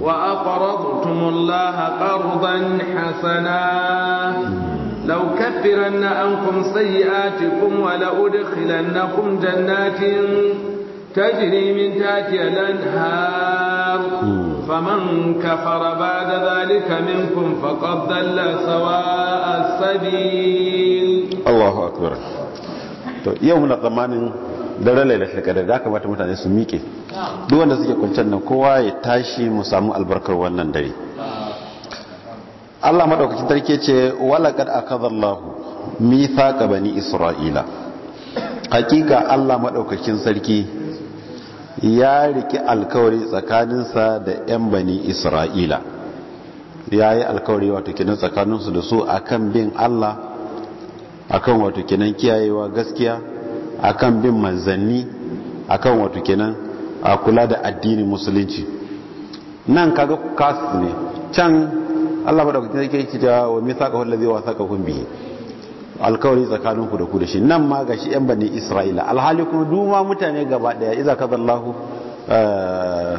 S2: وأقرضتم الله قرضا حسنا لأكفرن عنكم سيئاتكم ولأدخلنكم جنات تجري من تحتها الأنهار فمن كفر بعد ذلك منكم فقد ضل سواء السبيل الله
S1: أكبر يوم نقمان tsammanin dare lailatul qadar da kamata mutane su miƙe duk wanda suke kwanciyar nan kowa ya tashi mu samu albarkar wannan dare Allah maɗaukacin tarke ce a akadallahu mithaqa bani isra'ila hakika Allah madaukakin sarki ya riki alkawari tsakaninsa da yan bani isra'ila ya yi alkawari wato kinan tsakaninsu da su akan bin Allah akan wato kinan kiyayewa gaskiya akan bin manzanni akan wato kinan a kula da addinin musulunci nan kaga kasu ne can Allah madaukakin take yake cewa wa mithaqahu allazi wathaqakum bihi alkawari tsakanin ku da ku da shi nan ma gashi yan bani Isra'ila alhali kuma duma mutane gaba daya idza kadallahu eh,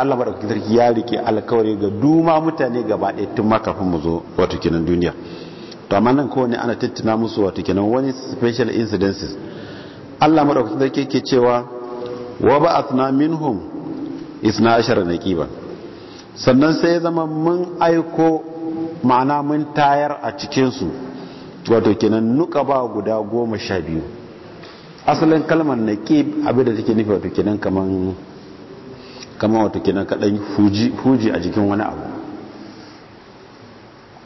S1: Allah madaukakin take ya rike alkawari ga duma mutane gaba daya tun ma kafin mu zo wato kinan duniya to amma nan ne ana tattuna musu wato kinan wani special incidences Allah madaukakin sarki yake cewa wa ba'athna minhum 12 naqiban sannan sai ya zama mun aiko ma'ana mun tayar a cikinsu wato kenan nuka ba guda goma sha biyu asalin kalmar na ƙib abinda take nufi wato kenan kamar kama wato kenan kaɗan huji a jikin wani abu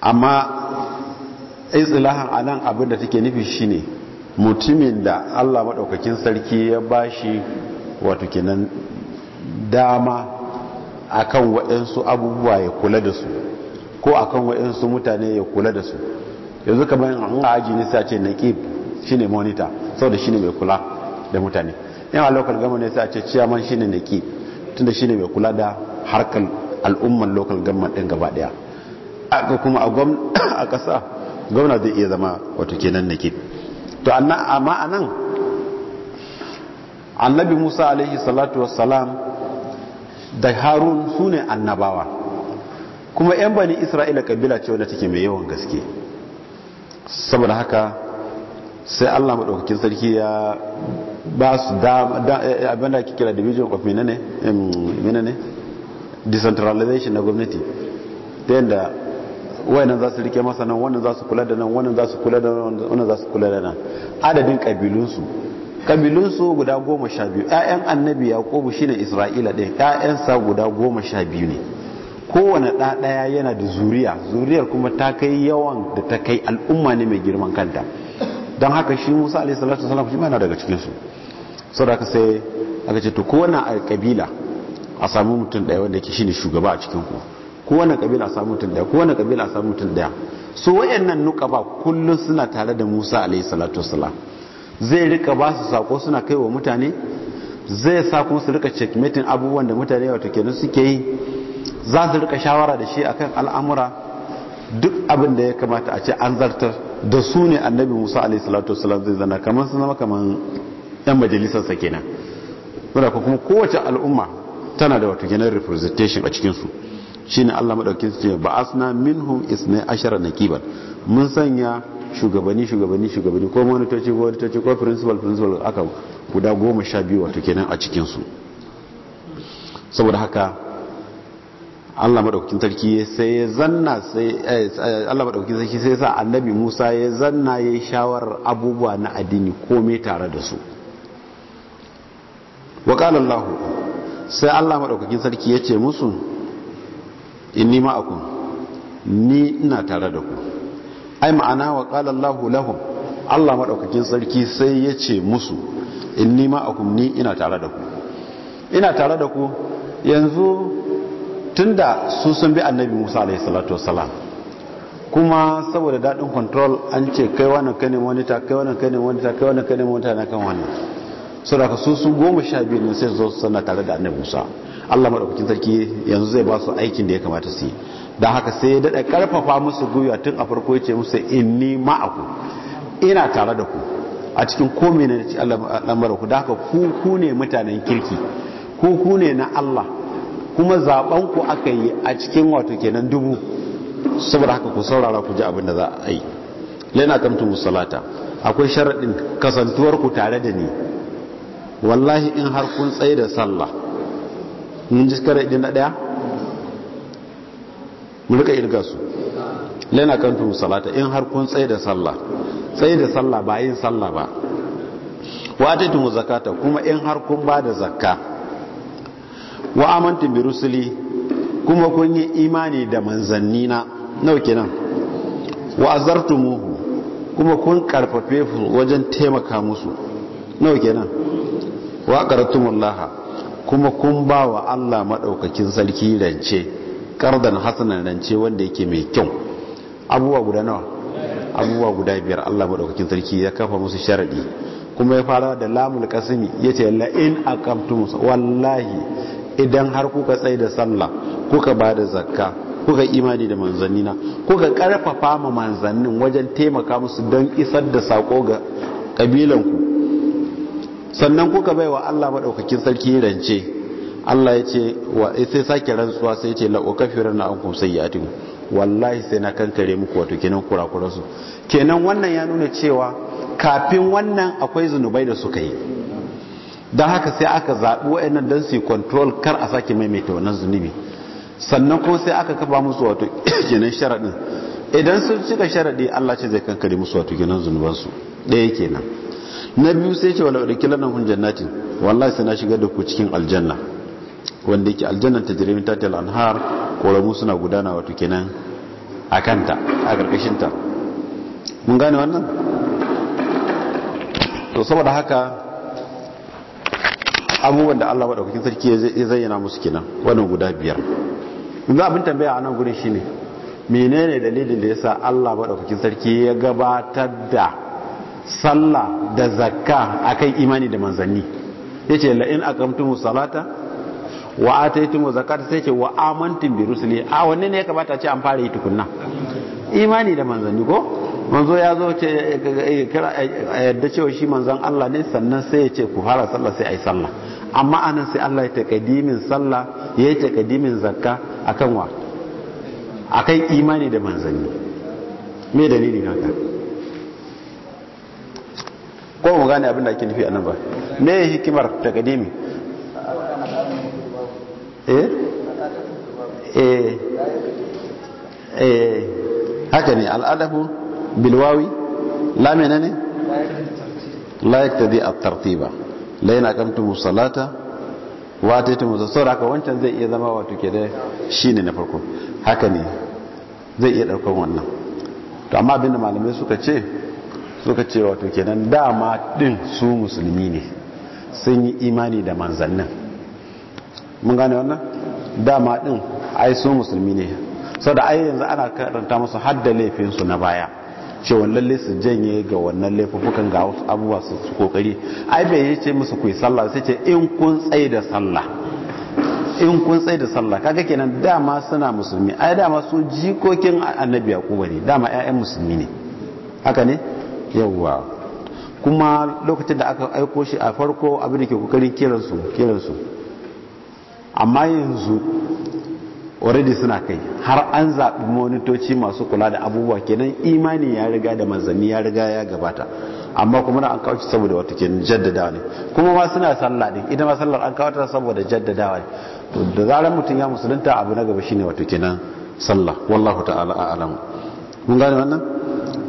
S1: amma istilahan a nan abinda take nufi shine mutumin da allah maɗaukakin sarki ya bashi wato kenan dama akan waɗansu abubuwa ya kula da su ko akan waɗansu mutane ya kula da su yanzu kamar in a aji ne sai ne monita sau da shi ne mai kula da mutane in a local shi ne sai ce tun da shi ne mai kula da harkar al'umman lokal gama din gaba ɗaya. aka kuma [coughs] a ƙasa gwamna zai iya zama wato kenan ƙib to amma nan annabi Musa alaihi salatu salam. da harun su ne annabawa kuma 'yan bani isra'ila kabila ce wadda take mai yawan gaske saboda haka sai allah maɗaukakin sarki ya ba su abin da ake kira division of minane decentralization na gwamnati ta yadda wayannan za su rike masa nan za su kula da nan wannan za su kula da nan wannan za su kula da nan adadin ƙabilunsu kabilunsu guda goma sha biyu ‘ya'yan annabi yaƙubu shine isra'ila ɗin sa guda goma sha biyu ne kowane ɗaya yana da zuriya zuriyar kuma ta kai yawan da ta kai al'umma ne mai girman kanta don haka shi musa alaihi salatu wasalam shi mana daga cikinsu sau da aka sai aka ce to kowane a kabila a sami mutum ɗaya wanda ke shine shugaba a cikin ku kowane kabila a sami mutum ɗaya kowane kabila a sami mutum ɗaya so wayannan nuka ba kullum suna tare da musa alaihi salatu wasalam zai rika ba su sako suna kai wa mutane zai sa kuma su rika checkmating abubuwan da mutane wato kenan suke yi za su rika shawara da shi akan al'amura duk abin da ya kamata a ce an zartar da su ne annabi musa alaihi salatu zai zana kamar su zama kamar yan majalisarsa kenan wadda kuma kowace al'umma tana da wato kenan representation a cikin su ne Allah madaukakin su ce ba'asna minhum isna na kibar mun sanya shugabanni shugabanni shugabanni ko monitoci monitoci ko principal principal aka guda goma sha biyu wato kenan a cikinsu saboda haka allah maɗaukakin sarki sai ya zanna sai eh, allah maɗaukakin sarki sai sa annabi musa ya zanna ya yi shawarar abubuwa na addini komai tare da su wa lahu sai allah maɗaukakin sarki ya ce musu in nima akun ni ina tare da ku ai ma'ana wa qala Allahu lahum Allah maɗaukakin sarki sai ya ce musu inni a kumni ina tare da ku ina tare da ku yanzu tun da su sun bi annabi Musa alai salatu wasalam kuma saboda daɗin control an ce kai wani kai ne monita kai wani kai ne monita kai wani kai ne monita na kan su da su su goma sha biyu ne sai zo su tare da annabi Musa Allah maɗaukakin sarki yanzu zai ba su aikin da ya kamata su yi da haka sai ya daɗa ƙarfafa musu gwiwa tun a farko ya ce musu inni ma'aku ina tare da ku a cikin komai na lambar ku da haka ku ne mutanen kirki ku ne na Allah kuma zaɓen ku aka yi a cikin wato kenan dubu saboda haka ku saurara ku ji abin da za a yi lena kamtu musalata akwai sharaɗin kasantuwar ku tare da ni wallahi in har kun tsaye da sallah mun ji kare na ɗaya mu rika irga su kan kantu salata in har kun tsaye da sallah tsaye da sallah ba yin sallah ba wa atatu zakata kuma in har kun ba da zakka wa amantu bi rusuli kuma kun yi imani da manzanni na nawa kenan wa azartumuhu kuma kun karfafe su wajen taimaka musu nawa kenan wa qartumullaha kuma kun ba wa Allah madaukakin sarki rance kardan hasanan ce wanda yake mai kyau abubuwa guda nawa abubuwa guda biyar Allah madaukakin sarki ya kafa musu sharadi kuma ya fara da lamul kasimi yace la in aqamtum wallahi idan har kuka tsai da sallah kuka bada zakka kuka imani da manzannina kuka karfafa ma manzannin wajen taimaka musu don isar da sako ga kabilanku sannan kuka baiwa Allah maɗaukakin sarki rance Allah ya ce wa sai sake rantsuwa sai ya ce la ukafiran na ankum sayyatin wallahi sai na kankare muku wato kenan kurakuran su kenan wannan ya nuna cewa kafin wannan akwai zunubai da suka yi dan haka sai aka zabi wayannan don su control kar a sake maimaita wannan zunubi sannan ko sai aka kafa musu wato [coughs] kenan sharaɗin idan sun cika sharadi Allah ce zai kankare musu wato kenan su ɗaya kenan na biyu sai ce wala udukilan nan jannatin wallahi sai na shigar da ku cikin aljanna wanda yake aljannan ta jirimin tatil anhar ƙoramu suna gudana wato kenan a kanta a ƙarƙashin ta mun gane wannan to saboda haka abubuwan da Allah maɗaukakin sarki ya zayyana musu kenan wannan guda biyar inda abin tambaya a nan shi shine menene dalilin da ya sa Allah maɗaukakin sarki ya gabatar da sallah da zakka akan imani da manzanni yace la in aqamtumus salata wa ataytum zakata sai ce wa amantum bi rusuli a wanne ne ya kamata ce an fara yi tukunna imani da manzanni ko manzo ya zo ce yadda cewa shi manzan Allah ne sannan sai ya ce ku fara sallah sai ai sallah amma anan sai Allah ya takadimin sallah ya yi takadimin zakka akan wa akan imani da manzanni me dalili na haka. ko mu gane abin da ake nufi a nan ba me hikimar takadimi Eh? eh eh haka ne al'adabu bilwawi la menene la yaktadi at-tartiba la yana kamtu salata wa ataytum zakara haka wancan zai iya zama wato ke da shine na farko haka ne zai iya daukan wannan to amma abinda malamai suka ce suka ce wato kenan dama din su musulmi ne sun yi imani da manzannin mun gane wannan dama din ai su musulmi ne saboda ai yanzu ana karanta musu hadda laifin su na baya cewa lalle su janye ga wannan laifukan ga wasu abubuwa su kokari ai bai yi ce musu kuyi sallah sai ce in kun tsaye da sallah in kun tsaye da sallah kaga kenan dama suna musulmi ai dama su jikokin annabi yakuba ne dama ƴaƴan musulmi ne haka ne yawwa kuma lokacin da aka aiko shi a farko abin da ke kokarin kiransu kiransu amma yanzu already suna kai har an zaɓi monitoci masu kula da abubuwa kenan imani ya riga da manzanni ya riga ya gabata amma kuma na an kawo saboda wata ke jaddadawa ne kuma ma suna sallah din ita ma sallar an kawo ta saboda jaddadawa ne to da zarar mutum ya musulunta abu na gaba shine wato kenan sallah wallahu ta'ala a'lam mun gane wannan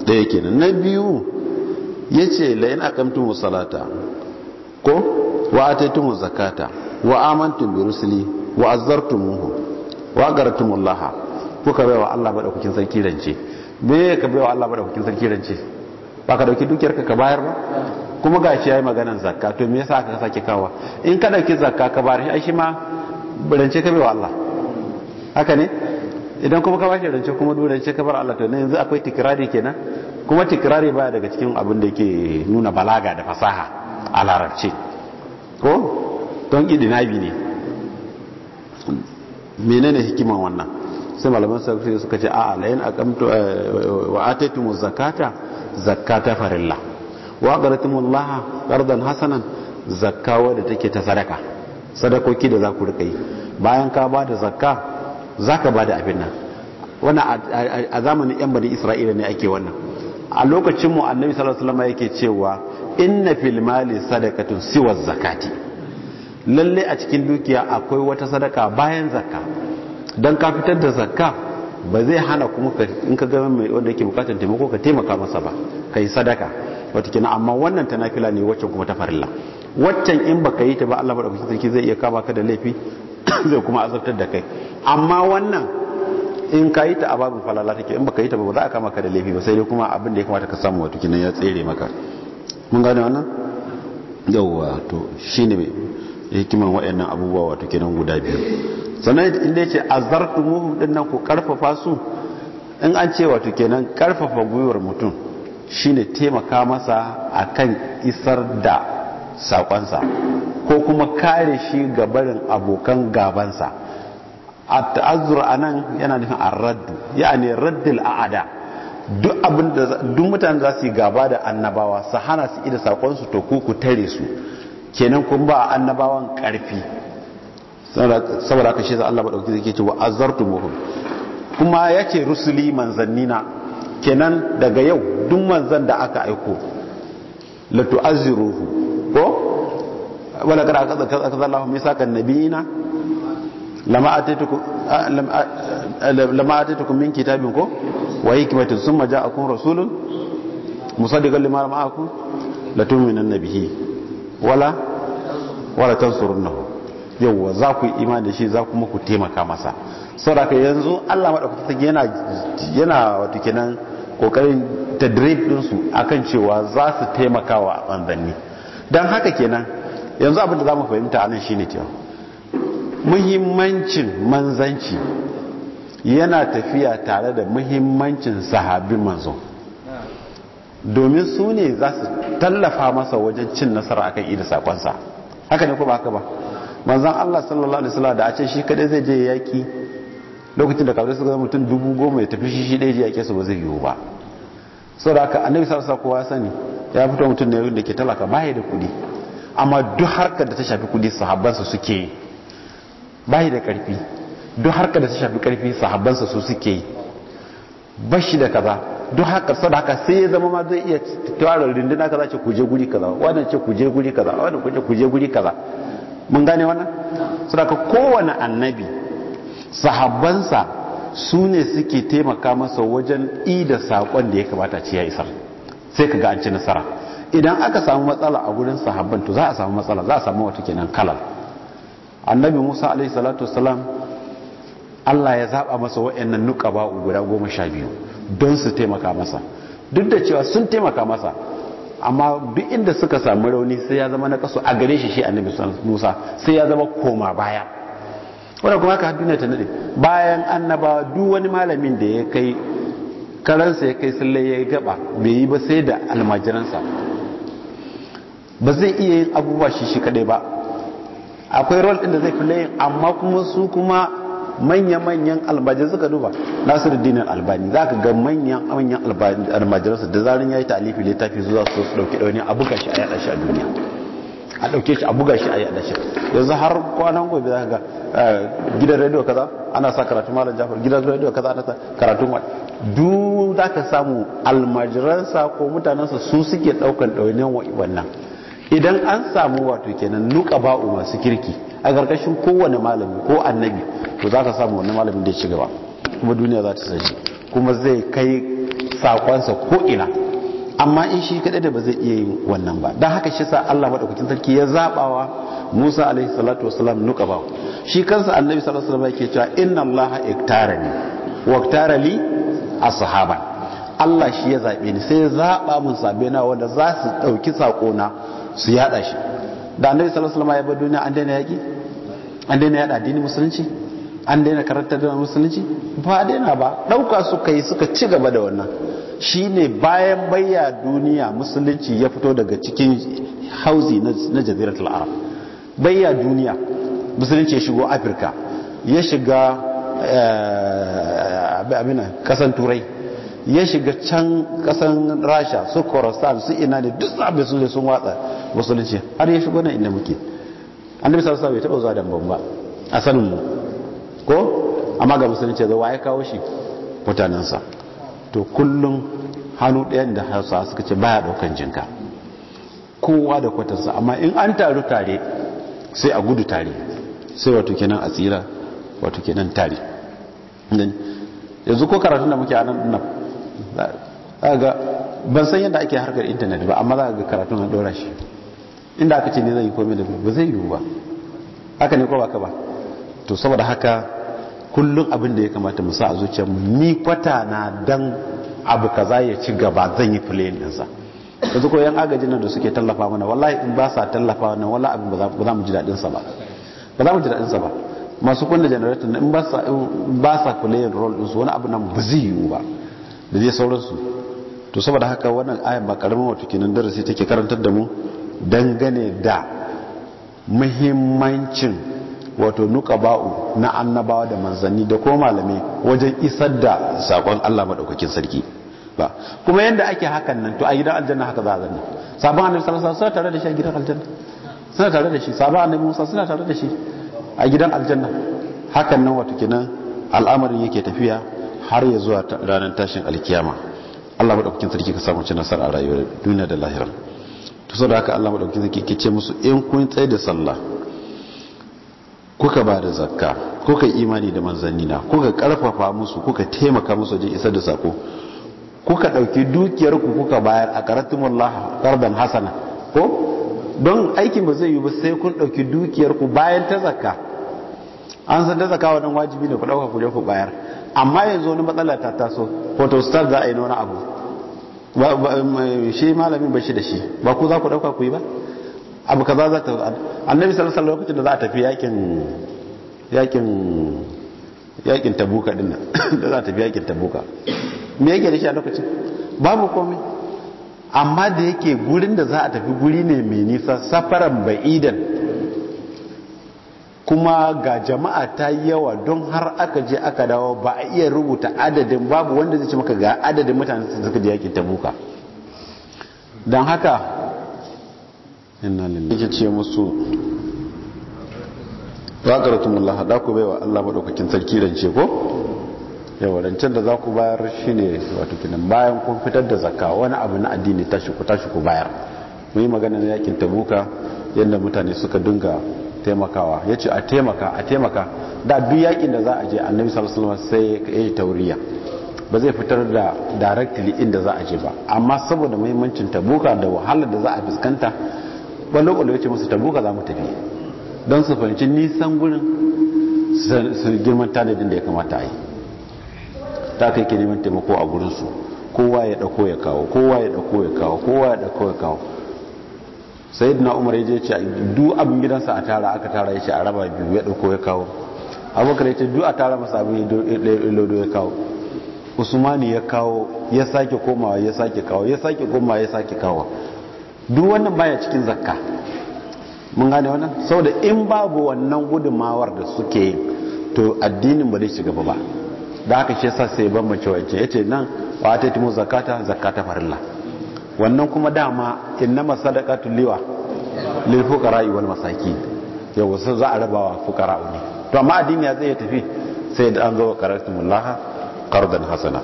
S1: daya kenan na biyu yace la in aqamtumus salata ko wa ataytumuz zakata wa amantum bi rusuli wa azartumuhu wa agartumullaha kuka wa Allah madaukakin sarki rance me ka wa Allah madaukakin sarki rance ba ka dauki dukiyar ka bayar ba kuma shi yayi maganar zakka to me yasa ka sake kawa in ka dauki zakka ka bayar ai shi ma rance ka wa Allah haka ne idan kuma ka bashi rance kuma dole rance ka bar Allah to ne yanzu akwai tikrari kenan kuma tikrari baya daga cikin abin da yake nuna balaga da fasaha a larabci ko don idinabi ne menene hikiman wannan sai malaman sarki suka ce a alayin akamtu eh, wa atatumu zakata zakata farilla wa qaratumullaha qardan hasanan zakka da take ta sadaka sadakoki da za ku rika yi bayan ka ba da zakka ka ba da abin nan wannan a zamanin yan bani isra'ila ne ake wannan a lokacin mu annabi sallallahu alaihi wasallam yake cewa inna fil mali sadaqatun siwa zakati lalle a cikin dukiya akwai wata sadaka bayan zakka don ka fitar da zakka ba zai hana kuma in ka gama mai wanda yake bukatar taimako ka taimaka masa ba ka yi sadaka wata kina amma wannan ta nafila ne waccan kuma ta farilla waccan in baka yi ta ba Allah madaukakin sarki zai iya kama ka da laifi [coughs] zai kuma azabtar da kai amma wannan in ka yi ta a babin falala take in baka yi ta ba za a kama ka da laifi ba sai dai kuma abin da ya kamata ka samu wato kinan ya tsere maka mun gane wannan yawwa to shine mai hikiman wa'annan abubuwa wato kenan guda biyu sannan inda yake muhum din nan ku karfafa su in an ce wato kenan karfafa gwiwar mutum shine taimaka masa akan isar da sakonsa ko kuma kare shi ga barin abokan gabansa at-ta'azzur anan yana nufin ar-radd yani raddul a'ada duk abin duk mutane za su gaba da annabawa su hana su ida sakon su to ku ku tare su kenan kun ba annabawan karfi saboda aka shi za Allah madauki zai ce wa azartumuhum kuma ce rusuli manzannina kenan daga yau duk manzan da aka aiko la tu'azziruhu ko wala kada aka zaka zaka Allah mai saka nabiyina lama atitukum lama min kitabin ko wa hikmatin summa ja'akum rasulun musaddiqan lima ma'akum la tu'minanna bihi wala wala tansurunnahu yawa za ku yi imani da shi za kuma ku taimaka masa saboda yanzu Allah madaukaki yana yana wato kenan kokarin tadrib din su akan cewa za su taimaka wa manzanni dan haka kenan yanzu abin da zamu fahimta anan shine cewa muhimmancin manzanci yana tafiya tare da muhimmancin sahabin manzo domin su ne za su tallafa masa wajen cin nasara akan ida sakonsa haka ne ko ba haka ba manzan Allah sallallahu alaihi wasallam da a ce shi kadai zai je yaki lokacin da kawai suka zama mutum dubu goma ya tafi shi shi ɗaya je yake su ba zai yiwu ba aka haka annabi sallallahu alaihi kowa sani ya fito mutum ne da ke talaka bayi da kuɗi amma duk harkar da ta shafi kuɗi sahabbansa suke yi baya da ƙarfi duk harkar da ta shafi ƙarfi sahabbansa su suke yi bashi da kaza don haka sau haka sai ya zama ma zai iya tara rinduna kaza ce kuje guri kaza wannan ce kuje guri kaza wannan kuje kuje guri kaza mun gane wannan sau haka kowane annabi sahabbansa su ne suke taimaka masa wajen da saƙon da ya kamata ce ya isar sai ka ga an ci nasara idan aka samu matsala a gurin sahabban to za a samu matsala za a samu wata kenan kalal annabi musa alaihi salatu wasalam allah ya zaba masa wa'annan nuka ba guda goma sha biyu don su taimaka masa duk da cewa sun taimaka masa amma duk inda suka samu rauni sai ya zama na kaso a gare shi shi annabi musa sai ya zama koma baya wanda kuma haka duniya ta nade bayan annaba duk wani malamin da ya kai karansa ya kai sulle ya gaba bai yi ba sai da almajiransa ba zai iya yin abubuwa shi shi kadai ba akwai rol ɗin zai fi layin amma kuma su kuma manya-manyan almajirai suka duba nasir nasiruddin albani za ka ga manya-manyan su da zarin ya yi talifi littafi zuwa su su dauke dauni a buga shi a yada shi a duniya a dauke shi a buga shi a yada shi yanzu har kwanan gobe za ka ga eh, gidan rediyo kaza ana sa karatu malam jafar gidan rediyo kaza ana sa karatu duk za ka samu almajiransa ko mutanensa su suke daukan dauniyan wannan idan an samu wato kenan nuka ba'u masu kirki a gargashin kowane malami ko annabi to za ka samu wani malamin da ya ci gaba kuma duniya za ta san kuma zai kai sakonsa ko ina amma in shi kaɗai da ba zai iya yin wannan ba don haka shi sa Allah maɗaukacin sarki ya zaɓawa Musa alaihi salatu wasalam nuka ba shi kansa annabi sallallahu alaihi wasallam yake cewa inna Allah iktarani wa iktarali ashaban Allah shi ya zaɓe ni sai ya zaɓa mun sabe na wanda za su ɗauki saƙona su yaɗa shi da annabi sallallahu alaihi wasallam ya bar duniya an daina yaki an daina yada addinin musulunci an daina karanta da musulunci ba daina ba dauka suka kai suka ci gaba da wannan shine bayan bayya duniya musulunci ya fito daga cikin hauzi na jaziratul arab bayya duniya musulunci ya shigo afirka ya shiga eh, abin kasan turai ya shiga can kasan rasha su korostan su ina ne duk abin su sun watsa musulunci har ya shigo na inda muke an sallallahu alaihi bai taba zuwa da ba a sanin mu ko amma ga musulunci zai waye kawo shi mutanensa to kullum hannu ɗayan da hausa suka ce baya ɗaukan jinka kowa da kwatarsa amma in an taru tare sai a gudu tare sai wato kenan a tsira wato kenan tare yanzu ko karatun da muke a nan ga ban san yadda ake harkar intanet ba amma za ga karatu na dora shi inda aka ce ne zai yi komai da ba zai yiwu ba haka ne ko ba ka ba to saboda haka kullum abin da ya kamata musa a zuciya ni kwata na dan abu kaza ya ci gaba zan yi filayen ɗinsa yanzu ko yan agajin nan da suke tallafa mana wallahi in ba sa tallafa mana wallahi abin ba za mu ji daɗinsa ba ba za mu ji daɗinsa ba masu kunna generator in ba sa in ba sa ɗinsu wani abu nan ba zai yiwu ba da zai sauransu to saboda haka wannan ayan ba karamin wato kenan darasi take karantar da mu dangane da muhimmancin wato nuka ba'u na annabawa da manzanni da ko malamai wajen isar da sakon Allah maɗaukakin sarki ba kuma yadda ake hakan nan to a gidan aljanna haka za a zanna sabon annabi sallallahu alaihi wasallam tare da shi a gidan aljanna suna tare da shi sabon annabi Musa suna tare da shi a gidan aljanna hakan nan wato kenan al'amarin yake tafiya har ya zuwa ranar tashin alkiyama Allah maɗaukakin sarki ka samu cin nasara a rayuwar duniya da lahira to da haka Allah maɗaukakin sarki ke ce musu in kun tsaye da sallah kuka ba da zakka kuka imani da manzannina kuka ƙarfafa musu kuka taimaka musu jin isar da sako kuka ɗauki dukiyar ku kuka bayar a Allah qardan hasana ko don aikin ba zai yi ba sai kun ɗauki dukiyar ku bayan ta zakka an san ta zakka wannan wajibi ne ku ɗauka ku je ku bayar amma yanzu wani matsala ta taso star za a yi wani abu shi malamin ba shi da shi ba ku za ku dauka ku yi ba abu kaza za ta annabi sallallahu alaihi lokacin da za a tafi yakin yakin yakin tabuka din nan [coughs] da za a tafi yakin tabuka me yake da shi a lokacin babu komai amma da yake gurin da za a tafi guri ne mai nisa safaran ba'idan kuma ga jama'a ta yi yawa don har aka je aka dawo ba a iya rubuta adadin babu wanda zai ce maka ga adadin mutane su suka je yakin tabuka don haka inna yake ce musu waqaratumullah da ku baiwa Allah maɗaukakin sarki rance ko yawa rancen da za ku bayar ne wato kinan bayan kun fitar da zaka wani abu na addini tashi ku tashi ku bayar mu yi magana na yakin tabuka yadda mutane suka dinga taimakawa ya ce a taimaka a taimaka da duk yakin da za a je annabi sallallahu sai ya yi tauriya ba zai fitar da directly inda za a je ba amma saboda muhimmancin tabuka da wahalar da za a fuskanta wani ballo ya ce musu tabuka za mu tafi don su fahimci nisan gurin su girman tanadin da ya kamata a yi ta kai ke neman taimako a gurinsu kowa ya ɗauko ya kawo kowa ya ɗauko ya kawo kowa ya ɗauko ya kawo na umar ya je ce du abin gidansa a tara aka tara ya ce a raba biyu ya ɗauko ya kawo abokan ya ce du a tara masa abin ya lodo ya kawo usmani ya kawo ya sake komawa ya sake kawo ya sake komawa ya sake kawo duk wannan baya cikin zakka mun gane wannan saboda in babu wannan gudumawar da suke yi to addinin ba zai shiga ba da haka shi yasa sai ban mace wace yace nan wa ta timu zakata zakata farilla wannan kuma dama inna sadaqatul liwa lil fuqara wal masakin yau sai za a wa fuqara ne to amma addini ya zai tafi sai da an zo qara'atumullah qardan hasana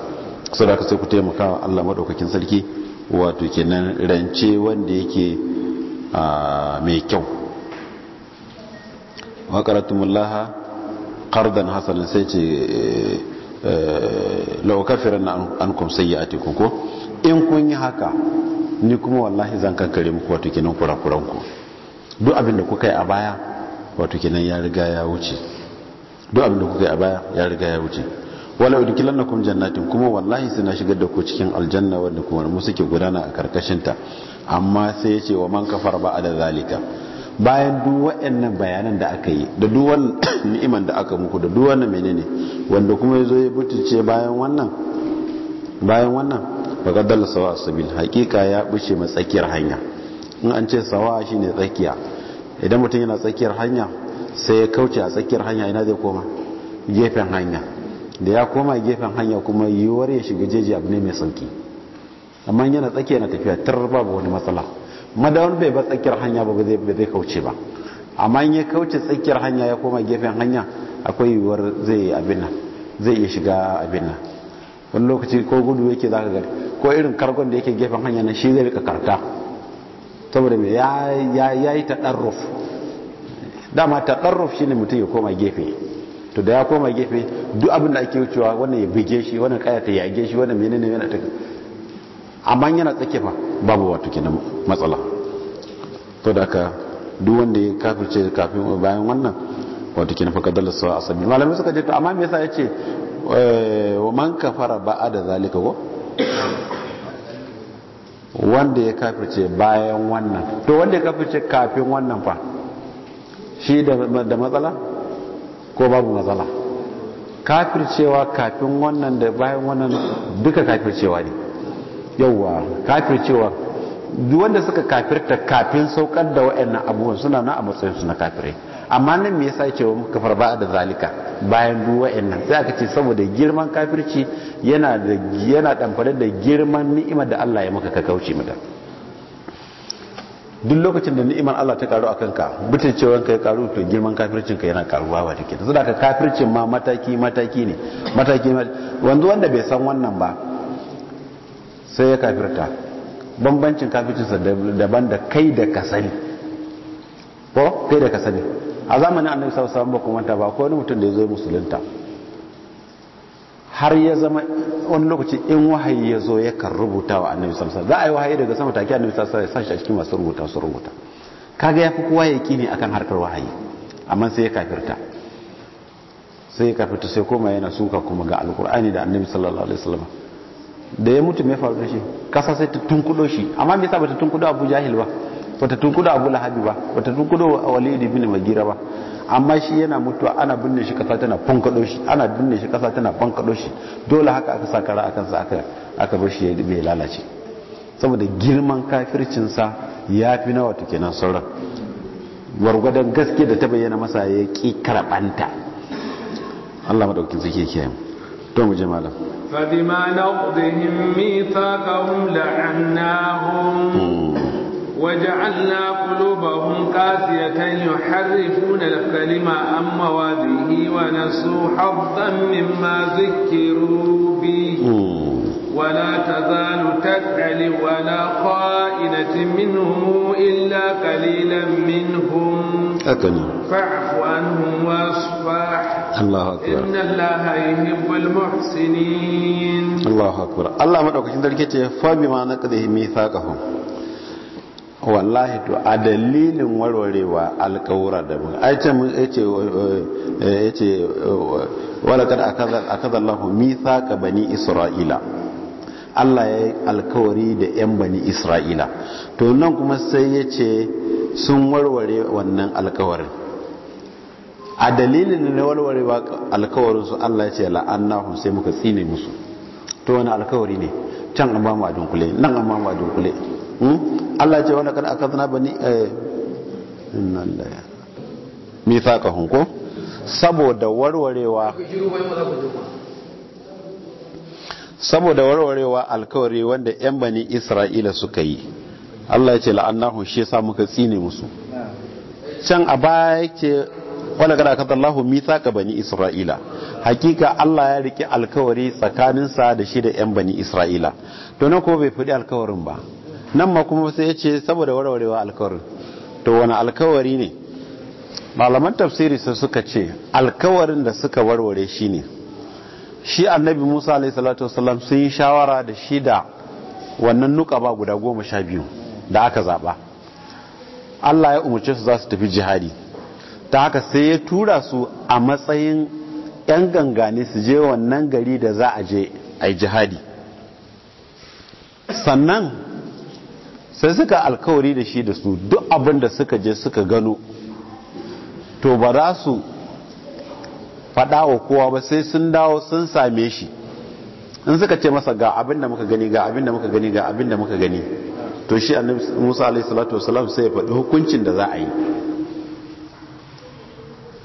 S1: sadaka sai ku taimaka Allah madaukakin sarki wato kenan rance wanda yake mai kyau wa qara'atumullah qardan hasana sai ce eh, eh, law kafiranna ankum sayyi'atikum ko in kun yi haka ni kuma wallahi zan kankare muku wato kenan kurakuran ku duk abin da kuka yi a baya wato kenan ya riga ya wuce duk abin da kuka yi a baya ya riga ya wuce wala kum jannatin kuma wallahi suna shigar da ku cikin aljanna wanda kuma mu suke gudana a karkashin ta amma sai ya ce wa man kafar ba da zalika bayan duk waɗannan bayanan da aka yi da duk wannan [coughs] ni'iman da aka muku da duk wannan menene wanda kuma yazo ya butulce bayan wannan bayan wannan faƙad dalla sawa sabil haƙiƙa ya bushe mai tsakiyar hanya in an ce sawa shine tsakiya idan mutum yana tsakiyar hanya sai ya kauce a tsakiyar hanya ina zai koma gefen hanya da ya koma gefen hanya kuma yiwuwar ya shiga jeji abu ne mai sauki amma yana tsakiya na tafiya tar babu wani matsala madawan bai ba tsakiyar hanya ba zai kauce ba amma in ya kauce tsakiyar hanya ya koma gefen hanya akwai yiwuwar zai abin nan zai iya shiga abin nan wani lokaci ko gudu yake za ka gani ko irin kargon da yake gefen hanya na shi zai rika karta saboda mai ya yi taɗarruf dama taɗarruf shi ne mutum ya koma gefe to da ya koma gefe duk abin da ake wucewa wannan ya buge shi wannan kaya ta yage shi wannan menene yana ta amma yana tsake fa babu wato kina matsala to da aka duk wanda ya kafirce kafin bayan wannan wato kina fa kadalla sawa asabi malamai suka je to amma me yasa yace eh, wa man kafara ba'ada zalika ko wanda ya kafirce bayan wannan to wanda ya kafirce kafin wannan fa shi da matsala ko babu matsala kafircewa kafin wannan da bayan wannan duka kafircewa ne yauwa kafircewa wanda suka kafirta kafin saukar da wa'annan abubuwan suna na a matsayinsu na kafirai amma nan me yasa yake kafar ba da zalika bayan duk wa'annan sai aka ce saboda girman kafirci yana da yana damfare da girman ni'imar da Allah ya maka ka kauce mata duk lokacin da ni'imar Allah ta karu akan ka butulcewar ka ya karu to girman kafircin ka yana karuwa ba take saboda ka kafircin ma mataki mataki ne mataki wanda wanda bai san wannan ba sai ya kafirta bambancin kafircinsa daban da kai da kasani ko kai da kasani a zamanin annabi sallallahu alaihi wasallam ba ba ko wani mutum da ya zo musulunta har ya zama wani lokaci in wahayi ya zo ya kan rubuta wa annabi sallallahu alaihi wasallam za a yi wahayi daga sama take annabi sallallahu alaihi wasallam ya sashi a cikin masu rubuta su rubuta kaga yafi kowa yaki ne akan harkar wahayi amma sai ya kafirta sai ya kafirta sai koma yana suka kuma ga alkur'ani da annabi sallallahu alaihi wasallam da ya mutu me faru da shi kasa sai ta tunkudo shi amma me yasa ba ta tunkudo Abu Jahil ba bata tunkuda abu lahabi ba bata tunkuda walid mai gira ba amma shi yana mutuwa ana binne shi kasa tana fankado shi ana binne shi kasa tana fankado shi dole haka aka sa kara akan sa aka aka bar shi ya bai lalace saboda girman kafircinsa sa yafi nawa to kenan sauran gwargwadon gaske da ta bayyana masa ya ki karabanta Allah madaukin sarki kiyaye to mu je malam
S2: وجعلنا قلوبهم قاسية يحرفون الكلمة عن مواضعه ونسوا حظا مما ذكروا به ولا تزال تسأل ولا خائنة منهم إلا قليلا منهم فاعف عنهم واصفح
S1: الله أكبر إن الله يحب
S2: المحسنين
S1: الله أكبر الله ما دوكتين دلكتي فبما نقضهم ميثاقهم wallahi to a dalilin warwarewa alkawura da mun ce mun yace eh, eh, yace eh, walakad akaza Allahu mithaqa bani isra'ila Allah ya yi alkawari da 'yan bani Isra'ila to nan kuma sai ya ce sun warware wannan alkawarin a dalilin da warware su Allah ya ce la'annahum sai muka tsine musu to wani alkawari ne can an ba mu a dunkule nan an ba mu a dunkule Hmm? Allah ce wani kan akazna bani eh, inna Allah saboda warwarewa saboda warwarewa alkawari wanda yan bani Isra'ila suka yi Allah ya ce la'annahu shi sa muka tsine musu can a baya yake wala kada akazna Allahu ka bani Isra'ila hakika Allah ya rike alkawari tsakaninsa da shi da yan bani Isra'ila to ko bai fudi alkawarin ba nan ma kuma sai ya ce saboda warwarewa alkawarin to wani alkawari ne malaman tafsiri su suka ce alkawarin da suka warware shi ne shi annabi musa alaihissalatu sun yi shawara da shi da wannan nuka ba guda goma sha biyu da aka zaba. allah ya umarci su za su tafi jihadi ta haka sai ya tura su a matsayin 'yan gangane su je wannan gari da za a je a yi jihadi sannan sai suka alkawari da shi da su duk abin da suka je suka gano to ba za su faɗa wa kowa ba sai sun dawo sun same shi in suka ce masa ga abin da muka gani ga abin da muka gani ga abin da muka gani to shi annabi Musa alaihi salatu wasalam sai ya faɗi hukuncin da za a yi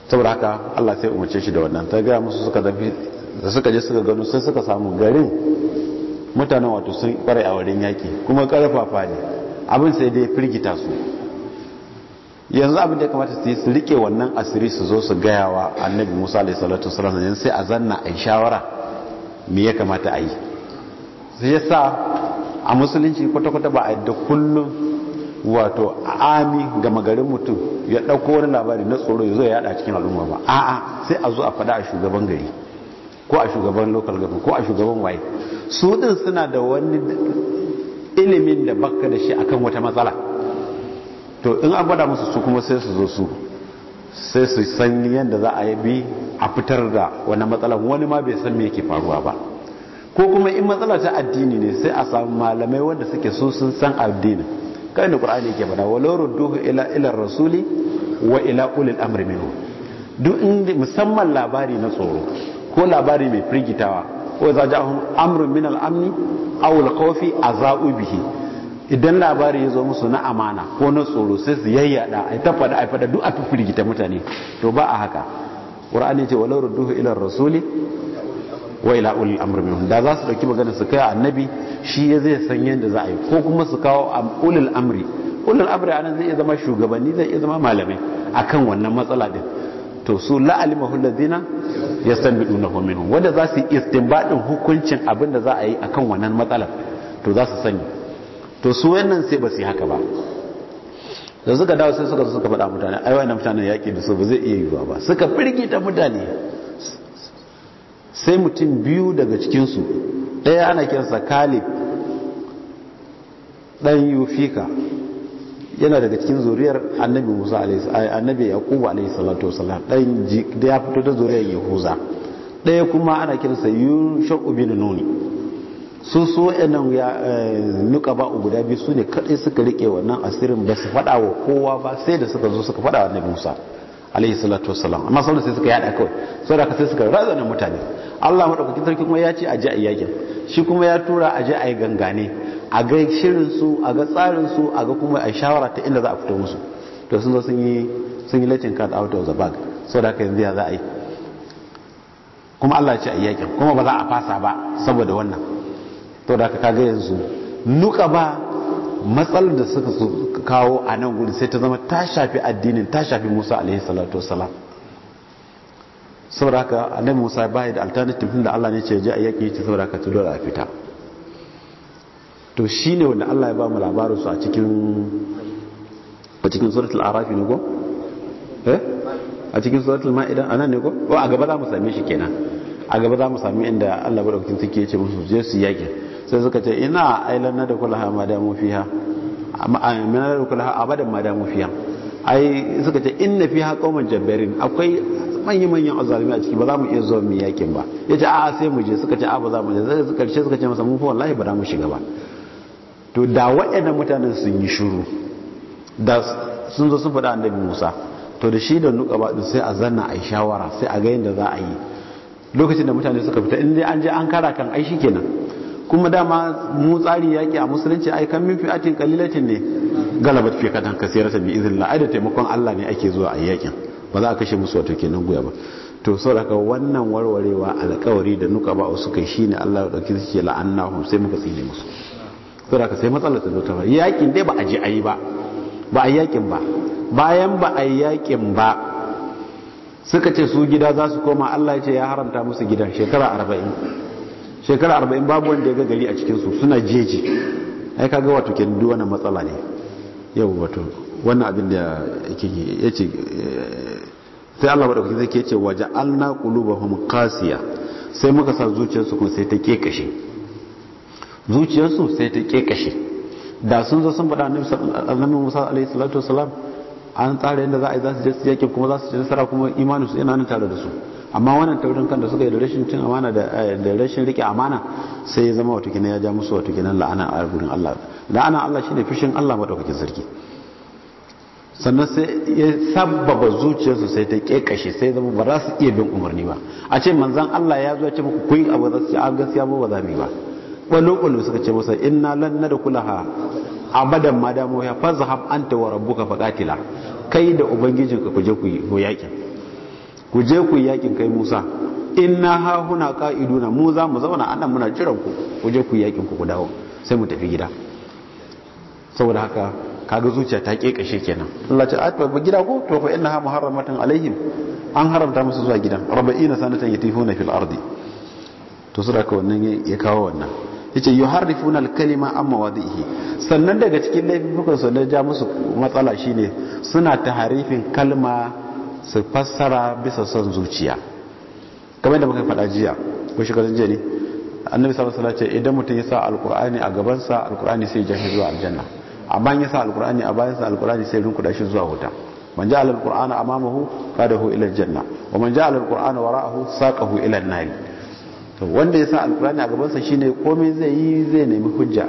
S1: saboda haka Allah sai umarce shi da wannan ta gaya musu suka tafi da suka je suka gano sai suka samu garin mutanen wato sun kware a wurin yaki kuma karfafa ne abin sai dai firgita su yanzu abin da ya kamata su yi su rike wannan asiri su zo su gaya wa annabi musa alaihi salatu salatu yanzu sai a zanna a yi shawara me ya kamata a yi yi yasa a musulunci kwata-kwata ba a yadda kullum wato ami gama garin mutum ya ɗauko wani labari na tsoro ya zo ya yada cikin al'umma ba a'a sai a zo a faɗa a shugaban gari ko a shugaban local government ko a shugaban waye su din suna da wani ilimin da baka da shi akan wata matsala to in an gwada musu su kuma sai su zo su sai su san yadda za a yi bi a fitar da wani matsala wani ma bai san me yake faruwa ba ko kuma in matsala ta addini ne sai a samu malamai wanda suke so sun san addinin kai ne qur'ani yake bada wa rudduhu ila ila rasuli wa ila ulil amri minhu duk inda musamman labari na tsoro ko labari mai firgitawa Ko za hun amru min al-amni aw al-khawfi azau bihi idan labari ya zo musu na amana ko na tsoro sai su yayyada ai ta fada ai fada duk a tufirgita mutane to ba a haka qur'ani ce walau rudduhu ila rasuli wa ila ulil amri minhum da za su dauki magana su kai annabi shi ya zai san yadda za a yi ko kuma su kawo ulil amri ulil amri anan zai zama shugabanni zai iya zama malamai akan wannan matsala din to su san biɗu na minhum wadda za su yi istimbaɗin hukuncin abin da za a yi a kan wannan matsalar to za su sani to su wannan sai ba su yi haka ba da suka dawo sai suka suka faɗa mutane ai wannan mutanen yaƙi da su ba zai iya yiwuwa ba suka ta mutane sai mutum biyu daga cikinsu ɗaya ana kiransa kalib ɗan yufika yana daga cikin zuriyar annabi musa eh, annabi yaqubu alaihi salatu wasalam dan da ya fito da zuriyar yahuza daya kuma ana kiransa yushau bin nuni su so nan ya eh, nuka ba guda biyu su ne kadai suka riƙe wannan asirin ba su fada wa kowa ba sai da suka zo suka fada wa annabi musa alaihi salatu wassalam amma sauran sai suka yada kawai saboda ka sai suka razana mutane Allah madaukakin sarki kuma ya ce a ji a yakin shi kuma ya tura a ji a yi gangane a ga shirinsu a ga tsarinsu a ga kuma a shawara ta inda za a fito musu to sun zo sun yi sun yi latin card out of the bag so da haka yanzu ya za a yi kuma Allah ce a yakin kuma ba za a fasa ba saboda wannan to da ka kaga yanzu nuka ba matsalar da suka kawo a nan gudun sai ta zama ta shafi addinin ta shafi musa alaihi salatu wasalam saboda haka annabi musa ya da alternative da Allah ne ce ya ji a yaki ce saboda haka to dole a fita to shi ne wanda Allah ya ba mu labarinsu a cikin suratul arafi ne ko? Eh? a cikin suratul ma'idan a nan ne ko? o oh, a gaba za mu sami shi kenan a gaba za mu sami inda Allah maɗaukakin suke ke ce musu je su yaƙi sai suka ce ina ailan na da kula ha ma damu fiha amina da kula ha abadan ma damu fiha ai suka ce inna fiha qauman jabbarin akwai manya-manyan azalimi a ciki ba za mu iya zuwa mu yakin ba ya ce a sai mu je suka ce a ba za mu je sai karshe suka ce masa mun fi wallahi ba za mu shiga ba to da waɗannan mutanen sun yi shuru da sun zo sun faɗa annabi Musa to da shi da nuka din sai a zanna a yi shawara sai a ga yadda za a yi lokacin da mutane suka fita in an je an kara kan ai kenan kuma dama mu tsari yaki a musulunci ai kan min fi'atin qalilatin ne galabat fi kadan kasirata bi idhnillah ai da taimakon Allah ne ake zuwa a yakin ba za a kashe musu wato kenan guya ba to saboda wannan warwarewa alƙawari da nuka ba suka yi shine Allah ya dauki la'an na sai muka tsine musu saboda ka sai matsalar ta zo ta yakin dai ba a ji ayi ba ba a yakin ba bayan ba a yakin ba suka ce su gida za su koma Allah ya ce ya haramta musu gidan shekara arba'in shekara arba'in babu wanda ya ga gari a cikinsu suna jeji ai kaga wato ke duk wannan matsala ne yau wato wannan abin da yake yace sai Allah madaukakin zai ke ce waje alna qulubahum qasiya sai muka sa zuciyarsu kuma sai ta ke kashe. zuciyarsu sai ta kekashe da sun zo sun faɗa annabi Musa alaihi salatu wasalam an tsara yadda za a yi za su je su yake kuma za su ci nasara kuma imanin su yana nan tare da su amma wannan taurin kan da suka yi da rashin cin amana da eh, rashin rike amana sai ya zama watakina ya ja musu watakina la'ana a gurin Allah la'ana Allah shine fushin Allah maɗaukakin sarki sannan sai ya sabbaba zuciyarsu sai ta kekashe sai zama ba za su iya bin umarni ba a ce manzan Allah ya zo ya ce muku kuyi abu za su ci a gaskiya ba ba za mu yi ba ƙwalo-ƙwalo suka ce masa ina lanna da kulaha abadan ma madamu ya faza hab wa rabu ka faqatila kai da ubangijin ka kuje ku yi yakin ku je ku yi yakin kai Musa ina ha huna ka'iduna mu za mu zauna anan muna jiran ku ku je ku yi yakin ku dawo sai mu tafi gida saboda haka kaga zuciya ta kekashe kenan Allah ta atba gida ko to fa ha muharramatan alaihim an haramta musu zuwa gidan 40 sanatan yatifuna fil ardi to sura ka wannan ya kawo wannan yace yuharrifuna al-kalima amma wadihi sannan daga cikin laifukan su da ja musu matsala shine suna taharifin kalma su fassara bisa son zuciya kamar da muka faɗa jiya ko shekarun jiya ne annabi sallallahu alaihi wasallam ce idan mutum ya sa alqur'ani a gaban sa alqur'ani sai ya zuwa aljanna amma ya sa alqur'ani a bayan sa alqur'ani sai rinkuda shi zuwa wuta man ja'ala alqur'ana amamahu fadahu ila aljanna wa man ja'ala alqur'ana wara'ahu saqahu ila an-nar to wanda ya sa alkurani a gabansa shi ne komai zai yi zai nemi hujja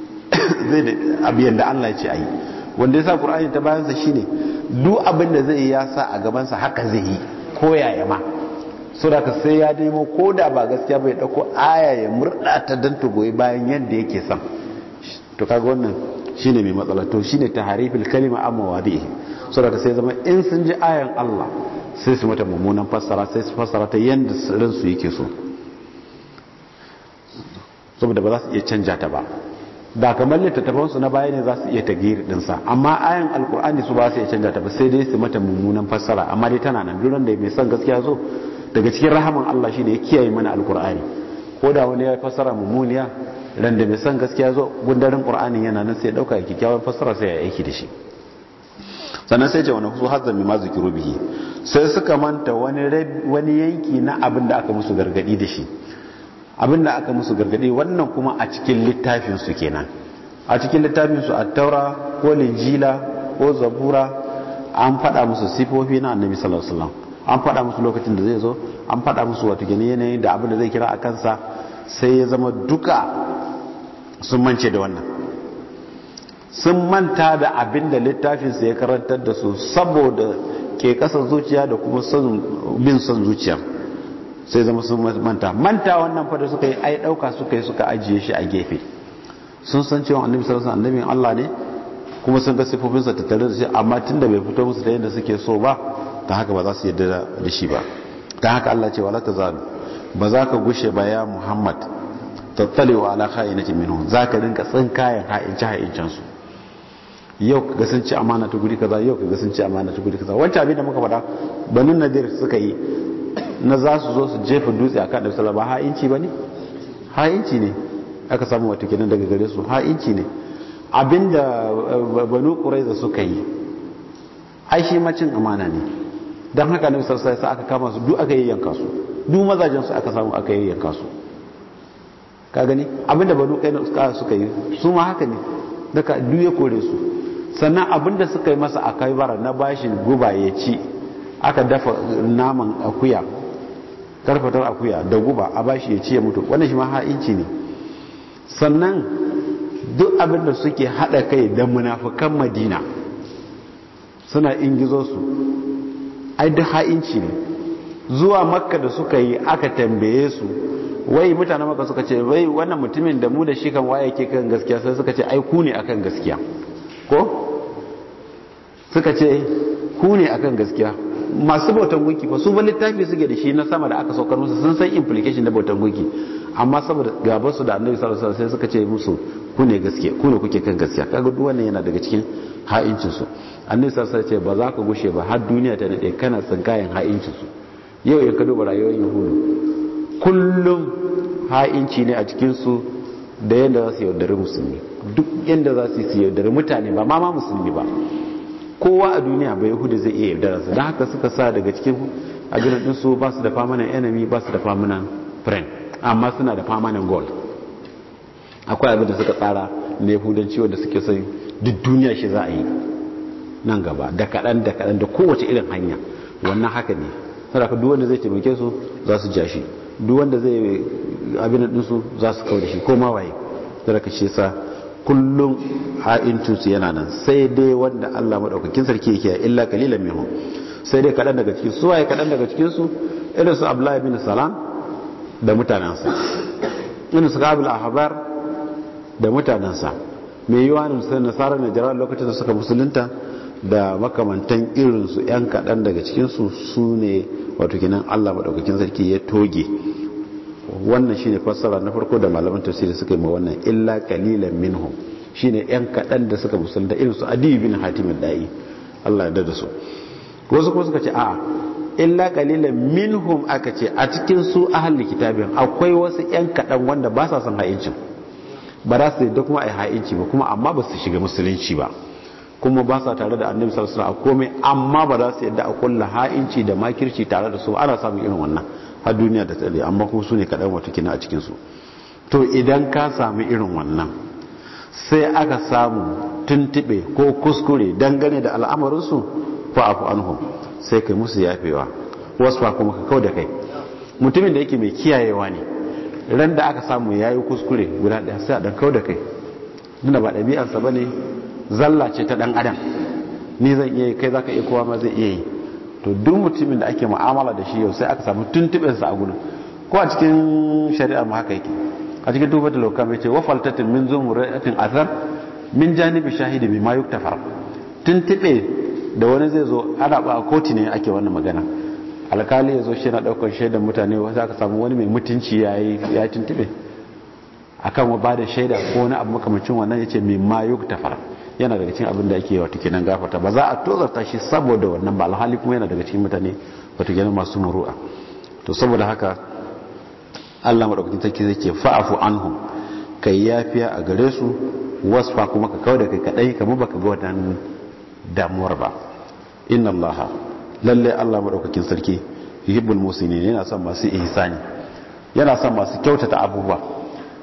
S1: [coughs] zai da abiyan da allah ce a yi wanda ya sa alkurani ta bayansa shi ne duk abin da zai yi ya sa a gabansa haka zai yi koyaya yaya ma so da ka sai ya nemo ko da ba gaskiya bai dauko aya ya murda ta don goyi bayan yadda yake son to kaga wannan shine mai matsala to ta harifin kalima amma wadihi so da ka sai zama in sun ji ayan Allah sai su mata mummunan fassara sai su fassara ta yanda rinsu yake so saboda ba za su iya canja ta ba ba kamar littattafansu na baya ne za su iya tagiri dinsa amma ayan alkur'ani su ba su iya canja ta ba sai dai su mata mummunan fassara amma dai tana nan duran da mai son gaskiya zo daga cikin rahaman Allah shine ya kiyaye mana alkur'ani ko da wani ya fassara mummuniya ran da mai son gaskiya zo gundarin qur'anin yana nan sai dauka kikkiawar fassara sai ya aiki da shi sannan sai ce wani su hazzan mai mazu kirubihi sai suka manta wani yanki na abin da aka musu gargadi da shi abin da aka musu gargadi wannan kuma a cikin littafinsu kenan a cikin littafinsu a taura ko linjila ko zabura an faɗa musu sifofi na annabi sallallahu alaihi wasallam an faɗa musu lokacin da zai zo an faɗa musu wato gani yanayin da abin da zai kira a kansa sai ya zama duka sun mance da wannan sun manta da abin da littafinsu ya karantar da su saboda ke kasan zuciya da kuma bin son zuciya sai zama sun manta manta wannan fada suka yi ai dauka suka yi suka ajiye shi a gefe sun san cewa annabi sallallahu alaihi wasallam Allah ne kuma sun ga sa tattare da shi amma tunda bai fito musu da yadda suke so ba ta haka ba za su yarda da shi ba ta haka Allah ce wala tazalu ba za ka gushe ba ya Muhammad tattalewa ala kha'inati minhum za ka rinka tsinkayen ha'inci ha'incin su yau ka sun ci amana ta guri kaza yau ka sun ci amana ta guri kaza wancan abin da muka faɗa banin nadir suka yi na za su zo su jefa dutse a kan sallallahu alaihi ha'inci ba ne? ha'inci ne aka samu wata kenan daga gare su ha'inci ne abinda eh, banu da suka yi ai shi ma amana ne don haka na sallallahu alaihi aka kama su duk aka yi yanka su duk mazajen su aka samu aka yi yanka su ka gani abinda banu uska suka yi su ma haka ne daga duk ya kore su sannan abinda suka yi masa a kai bara na bashin gubaye ci aka dafa naman akuya tarfatar akuya da guba a bashi ya ci ya mutu wannan shi ma ha'inci ne sannan duk abin da suke haɗa kai da munafukan madina suna ingizo su ai duk ha'inci ne zuwa makka da suka yi aka tambaye su wai mutane maka suka ce wai wannan mutumin da mu da shi kan waye ke kan gaskiya sai suka ce ai ku ne akan gaskiya ko suka ce ku ne akan gaskiya masu bautan gunki ba su ba littafi suke da shi na sama da aka saukar musu sun san implication da bautan gunki amma saboda gaban su da annabi sallallahu alaihi wasallam sai suka ce musu ku ne gaske ku ne kuke kan gaskiya kaga duk wannan yana daga cikin ha'incin su annabi sallallahu alaihi wasallam ce ba za ka gushe ba har duniya ta nade kana tsinkayen ha'incin su yau in ka duba rayuwar yahudu kullum ha'inci ne a cikin su da yadda za su yaudari musulmi duk yadda za su yaudari mutane ba ma ma musulmi ba kowa a duniya bai yahuda zai iya yaudararsa da haka suka sa daga cikin ajinan ɗinsu ba su da permanent enemy ba su da permanent friend amma suna da permanent goal akwai abin da suka tsara na yahudanci wanda suke son duk duniya shi za a yi nan gaba da kaɗan da kaɗan da kowace irin hanya wannan haka ne saboda duk wanda zai taimake su za su ja shi duk wanda zai abin ɗinsu za su kawo da shi ko ma waye saboda shi sa kullum ha'incinsu yana nan sai dai wanda Allah maɗaukakin sarki yake illa kalilan minhum sai dai kaɗan daga cikinsu suwaye kaɗan daga cikinsu irin su abdullahi bin salam da mutanensa irin su kabil ahbar da mutanensa mai yiwa ne sai nasara na jira lokacin da suka musulunta da makamantan irinsu yan kaɗan daga cikinsu su ne wato kenan Allah maɗaukakin sarki ya toge wannan shine fassara na farko da malaman tafsiri suka yi ma wannan illa qalilan minhum shine yan kadan da suka musulunta irin su adi bin hatim al-da'i Allah ya dada su wasu kuma suka ce a illa qalilan minhum aka ce a cikin su ahli kitabin akwai wasu yan kaɗan wanda ba sa son ha'incin ba za su yadda kuma ai ha'inci ba kuma amma ba su shiga musulunci ba kuma ba sa tare da annabi sallallahu alaihi wasallam komai amma ba za su yadda a kulla ha'inci da makirci tare da su ana samun irin wannan har duniya da tsale amma kuma su ne kaɗan wata kina a cikinsu to idan ka sami irin wannan sai aka samu tuntube ko kuskure dangane da al'amarinsu fa'afu anhum sai kai musu yafewa wasu fa kuma ka kawo da kai mutumin da yake mai kiyayewa ne ran da aka samu ya yi kuskure guda ɗaya sai a ɗan kawo da kai nuna ba ɗabi'arsa ba ne zalla ce ta ɗan adam ni zan iya yi kai za ka iya kowa ma zai iya yi to duk mutumin da ake mu'amala da shi yau sai aka samu sa a gudu ko a cikin shari'ar mu haka yake a cikin tufa da lokam yace wa faltatin min zumratin azar min janibi shahidi bi ma yuktafar tuntube da wani zai zo ana ba koti ne ake wannan magana alkali ya zo shi na daukar shaidar mutane wasu aka samu wani mai mutunci ya yi ya tuntube akan wa ba da shaida ko wani abu makamacin wannan yace mai ma yuktafar yana daga cikin abin da ake yi wato kenan gafata ba za a tozarta shi saboda wannan ba alhali kuma yana daga cikin mutane wato kenan masu muru'a to saboda haka Allah madaukakin sarki zai ce fa'afu anhum kai yafiya a gare su wasfa kuma ka kawai da kai kadai kamar baka ga wannan damuwar ba inna allaha lalle Allah madaukakin sarki yuhibbul musinin yana son masu ihsani yana son masu kyautata abubuwa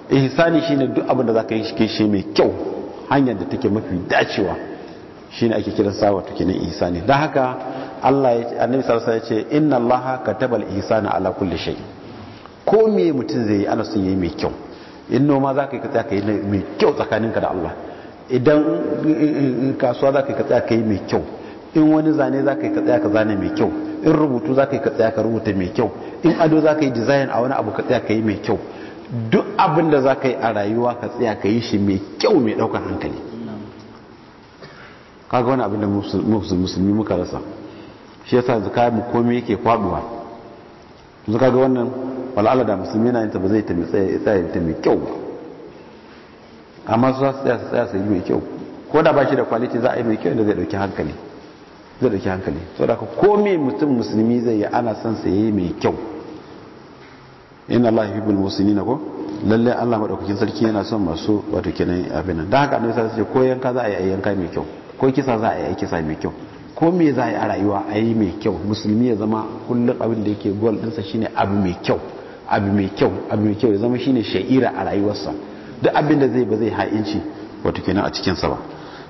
S1: ihsani shine duk abin da zaka yi shi mai kyau hanyar da take mafi dacewa ne ake kiran sawa take ne ihsani dan haka Allah ya annabi sallallahu alaihi wasallam ya ce inna allaha katabal ihsana ala kulli shai. ko me mutum zai yi ana son yi mai kyau in noma za ka yi ka ka yi mai kyau tsakaninka da Allah idan kasuwa za ka yi ka ka yi mai kyau in wani zane za ka yi ka ka zane mai kyau in rubutu za ka yi ka ka rubuta mai kyau in ado za ka yi dizayin a wani abu ka ka yi mai kyau duk abin da za ka yi a rayuwa ka tsaya ka yi shi mai kyau mai ɗaukar hankali kaga wani abin da musulmi muka rasa shi yasa yanzu kayan komai yake kwaduwa yanzu kaga wannan wal'ala da musulmi na yanta ba zai tsaya ta mai kyau ba amma su za su tsaya su tsaya su yi mai kyau ko da ba shi da kwaliti za a yi mai kyau da zai ɗauki hankali zai ɗauki hankali so da komai mutum musulmi zai yi ana son sa yi mai kyau inna allaha yuhibbul na ko lalle Allah madaukakin sarki yana son masu wato kenan abin nan dan haka annabi sai ko yanka za a yi yanka mai kyau ko kisa za a yi kisa mai kyau ko me za a yi a rayuwa a yi mai kyau musulmi ya zama kullum abin da yake gol dinsa shine abu mai kyau abu mai kyau abu mai kyau ya zama shine sha'ira a rayuwarsa duk abin da zai ba zai ha'inci wato kenan a cikin sa ba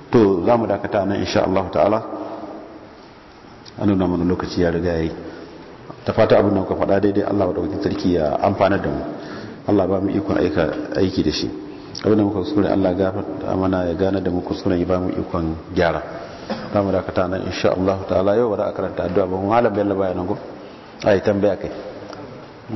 S1: to za mu dakata nan insha Allah ta'ala an nuna mana lokaci ya riga yayi ta fata abin da muka faɗa daidai Allah wajen sarki ya amfana da mu Allah ba mu ikon aiki da shi abin da muka kuskure Allah gafarta amana ya gane da mu kuskure ya ba mu ikon gyara za mu dakata nan insha Allah ta'ala yau ba za a karanta addu'a ba mu malam bello baya nan a yi tambaya kai